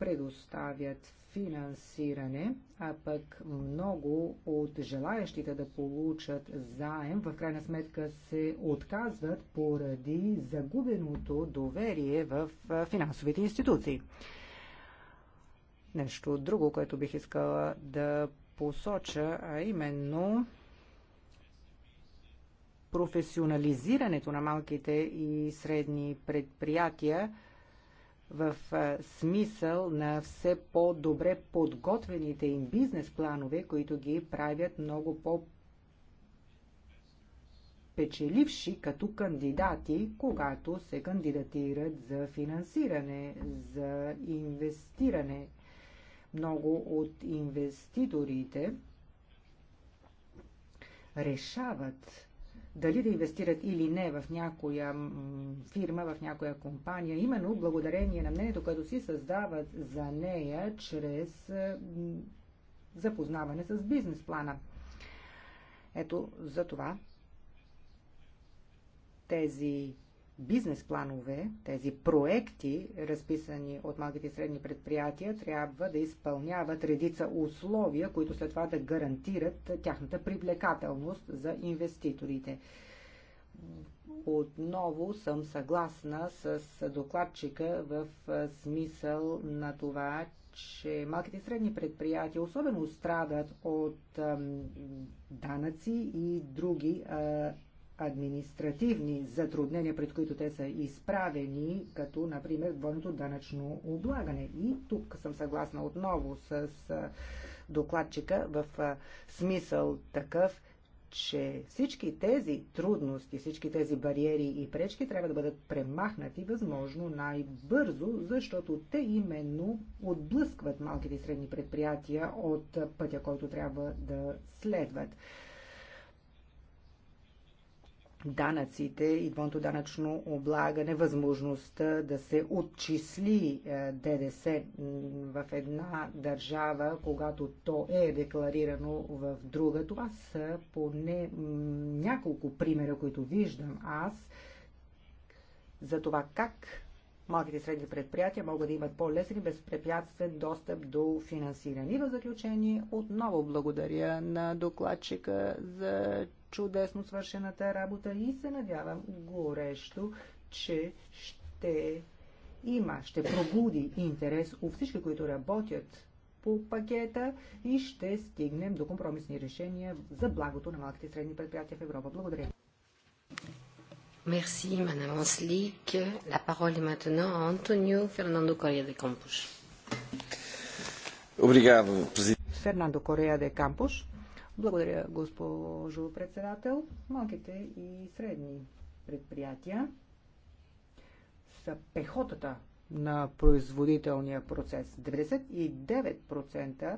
предоставят финансиране, а пък много от желаящите да получат заем в крайна сметка се отказват поради загубеното доверие в финансовите институции. Нещо друго, което бих искала да посоча, а именно професионализирането на малките и средни предприятия – в смисъл на все по-добре подготвените им бизнес планове, които ги правят много по- печеливши като кандидати, когато се кандидатират за финансиране, за инвестиране. Много от инвеститорите решават дали да инвестират или не в някоя фирма, в някоя компания, именно благодарение на мнението, което си създават за нея чрез е, запознаване с бизнес плана. Ето за това тези бизнес планове, тези проекти, разписани от малките и средни предприятия, трябва да изпълняват редица условия, които след това да гарантират тяхната привлекателност за инвеститорите. Отново съм съгласна с докладчика в смисъл на това, че малките и средни предприятия особено страдат от данъци и други административни затруднения, пред които те са изправени, като, например, двойното данъчно облагане. И тук съм съгласна отново с докладчика в смисъл такъв, че всички тези трудности, всички тези бариери и пречки трябва да бъдат премахнати възможно най-бързо, защото те именно отблъскват малките и средни предприятия от пътя, който трябва да следват данъците и двойното данъчно облагане, възможността да се отчисли е, ДДС в една държава, когато то е декларирано в друга. Това са поне няколко примера, които виждам аз за това как Малките и средни предприятия могат да имат по-лесен и безпрепятствен достъп до финансиране. И в заключение отново благодаря на докладчика за чудесно свършената работа и се надявам горещо, че ще има, ще пробуди интерес у всички, които работят по пакета и ще стигнем до компромисни решения за благото на малките и средни предприятия в Европа. Благодаря. Merci, Madame Anslik. La parole est maintenant à Antonio Fernando Correa de Campos. Obrigado, Presidente. Фернандо Корея де Кампуш. Благодаря, госпожо председател. Малките и средни предприятия са пехотата на производителния процес. 99%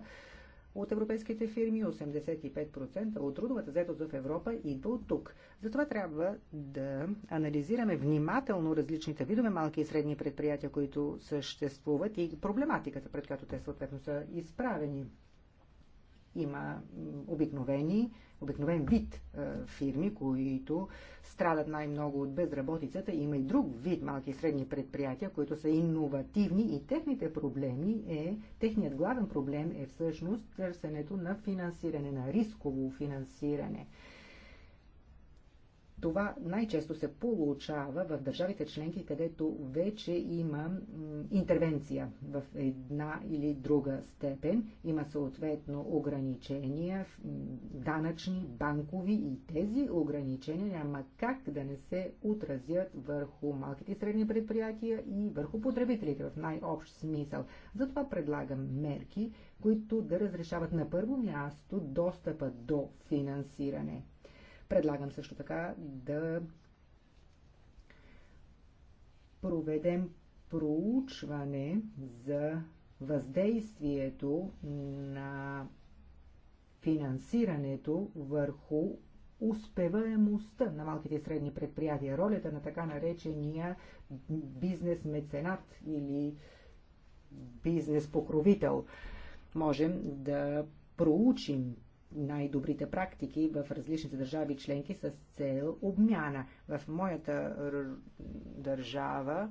от европейските фирми, 85% от трудовата заетост в Европа идва от тук. Затова трябва да анализираме внимателно различните видове малки и средни предприятия, които съществуват и проблематиката, пред която те съответно са изправени. Има обикновени, обикновен вид е, фирми, които страдат най-много от безработицата. Има и друг вид малки и средни предприятия, които са иновативни и техните проблеми е, техният главен проблем е всъщност търсенето на финансиране, на рисково финансиране. Това най-често се получава в държавите членки, където вече има интервенция в една или друга степен. Има съответно ограничения, данъчни, банкови и тези ограничения няма как да не се отразят върху малките и средни предприятия и върху потребителите в най-общ смисъл. Затова предлагам мерки, които да разрешават на първо място достъпа до финансиране Предлагам също така да проведем проучване за въздействието на финансирането върху успеваемостта на малките и средни предприятия, ролята на така наречения бизнес меценат или бизнес покровител. Можем да проучим най-добрите практики в различните държави членки с цел обмяна. В моята държава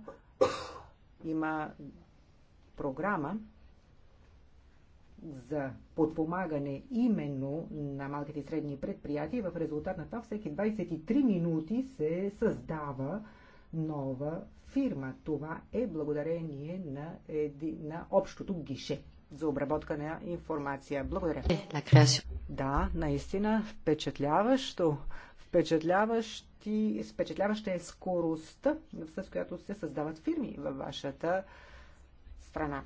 има програма за подпомагане именно на малките и средни предприятия. В резултат на това всеки 23 минути се създава нова фирма. Това е благодарение на, еди, на общото гише за обработка на информация. Благодаря. Е, да, наистина впечатляващо. Впечатляващи, впечатляваща е скоростта, с която се създават фирми във вашата страна.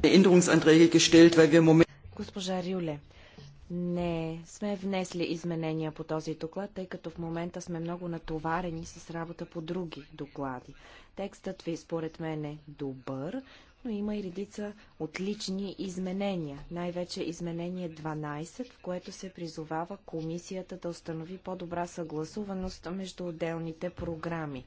Госпожа Рюле, не сме внесли изменения по този доклад, тъй като в момента сме много натоварени с работа по други доклади. Текстът ви според мен е добър, но има и редица отлични изменения, най-вече изменение 12, в което се призовава комисията да установи по-добра съгласуваност между отделните програми.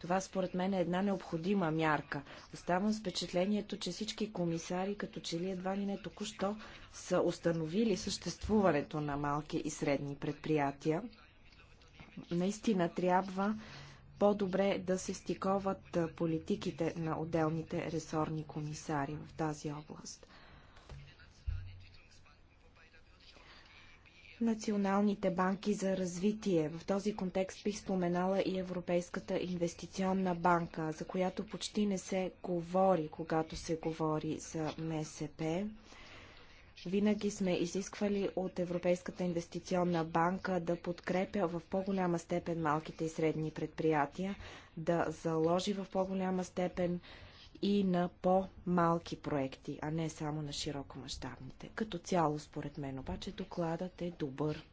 Това според мен е една необходима мярка. Оставам с впечатлението, че всички комисари, като че ли едва ли не току-що, са установили съществуването на малки и средни предприятия. Наистина трябва по-добре да се стиковат политиките на отделните ресорни комисари в тази област. националните банки за развитие. В този контекст бих споменала и Европейската инвестиционна банка, за която почти не се говори, когато се говори за МСП. Винаги сме изисквали от Европейската инвестиционна банка да подкрепя в по-голяма степен малките и средни предприятия, да заложи в по-голяма степен и на по-малки проекти, а не само на широкомащабните. Като цяло, според мен, обаче докладът е добър.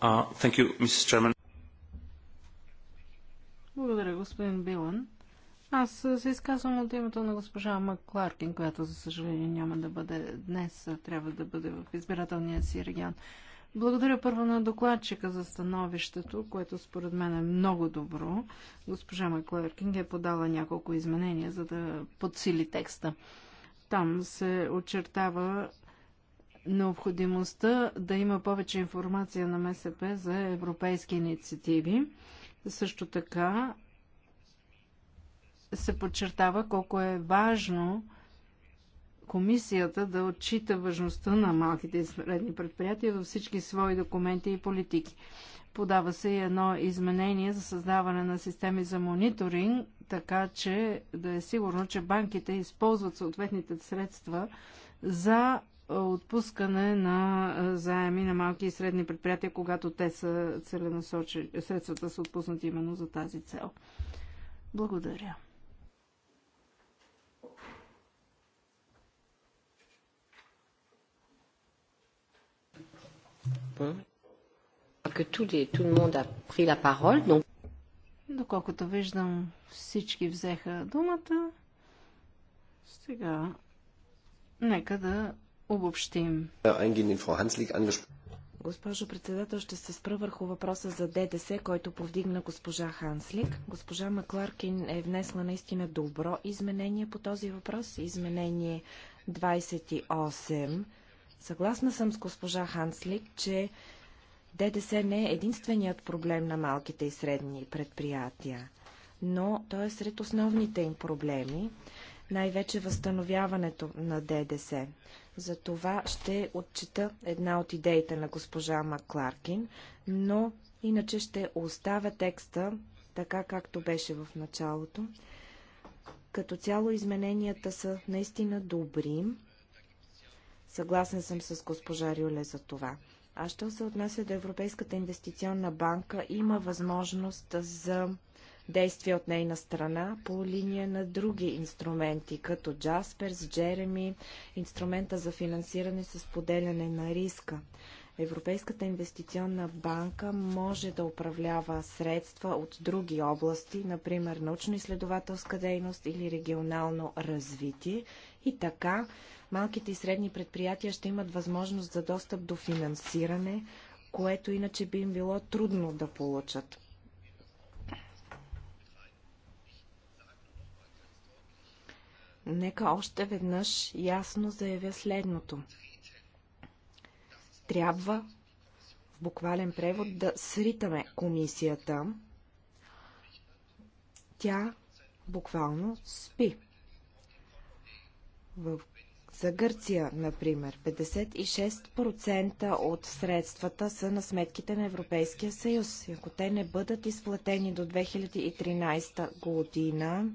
Uh, you, Благодаря, господин Билан. Аз се изказвам от името на госпожа Макларкин, която за съжаление няма да бъде днес, трябва да бъде в избирателния си регион. Благодаря първо на докладчика за становището, което според мен е много добро. Госпожа Макларкин е подала няколко изменения, за да подсили текста. Там се очертава необходимостта да има повече информация на МСП за европейски инициативи. Също така се подчертава колко е важно комисията да отчита важността на малките и средни предприятия във всички свои документи и политики. Подава се и едно изменение за създаване на системи за мониторинг, така че да е сигурно, че банките използват съответните средства за отпускане на заеми на малки и средни предприятия, когато те са целенасочени, средствата са отпуснати именно за тази цел. Благодаря. Е, Доколкото виждам, всички взеха думата. Сега нека да обобщим. Госпожо председател, ще се спра върху въпроса за ДДС, който повдигна госпожа Ханслик. Госпожа Макларкин е внесла наистина добро изменение по този въпрос. Изменение 28 Съгласна съм с госпожа Ханслик, че ДДС не е единственият проблем на малките и средни предприятия, но той е сред основните им проблеми, най-вече възстановяването на ДДС. За това ще отчита една от идеите на госпожа Макларкин, но иначе ще оставя текста така както беше в началото. Като цяло измененията са наистина добри. Съгласен съм с госпожа Рюле за това. А що се отнася до Европейската инвестиционна банка, има възможност за действия от нейна страна по линия на други инструменти, като Джасперс, Джереми, инструмента за финансиране с поделяне на риска. Европейската инвестиционна банка може да управлява средства от други области, например научно-изследователска дейност или регионално развитие и така малките и средни предприятия ще имат възможност за достъп до финансиране, което иначе би им било трудно да получат. Нека още веднъж ясно заявя следното. Трябва в буквален превод да сритаме комисията. Тя буквално спи. В за Гърция, например, 56% от средствата са на сметките на Европейския съюз. Ако те не бъдат изплатени до 2013 година,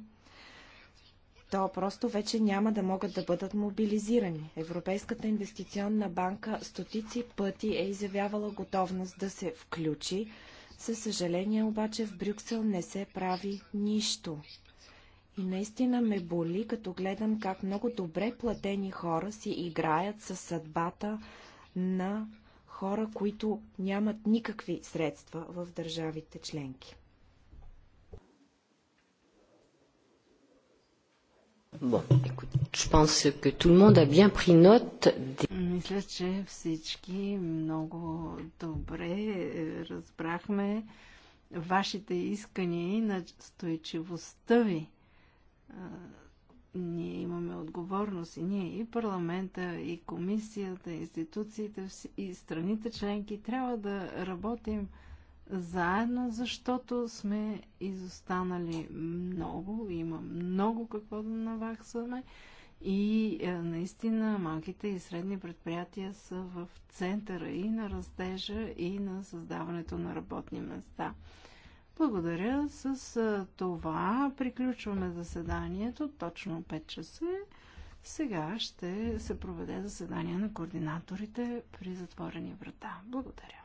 то просто вече няма да могат да бъдат мобилизирани. Европейската инвестиционна банка стотици пъти е изявявала готовност да се включи. Със съжаление обаче в Брюксел не се прави нищо. И наистина ме боли, като гледам как много добре платени хора си играят със съдбата на хора, които нямат никакви средства в държавите членки. Мисля, че всички много добре е, разбрахме вашите искания и настойчивостта ви ние имаме отговорност и ние, и парламента, и комисията, и институциите, и страните членки трябва да работим заедно, защото сме изостанали много, има много какво да наваксваме и е, наистина малките и средни предприятия са в центъра и на растежа, и на създаването на работни места. Благодаря. С това приключваме заседанието точно 5 часа. Сега ще се проведе заседание на координаторите при затворени врата. Благодаря.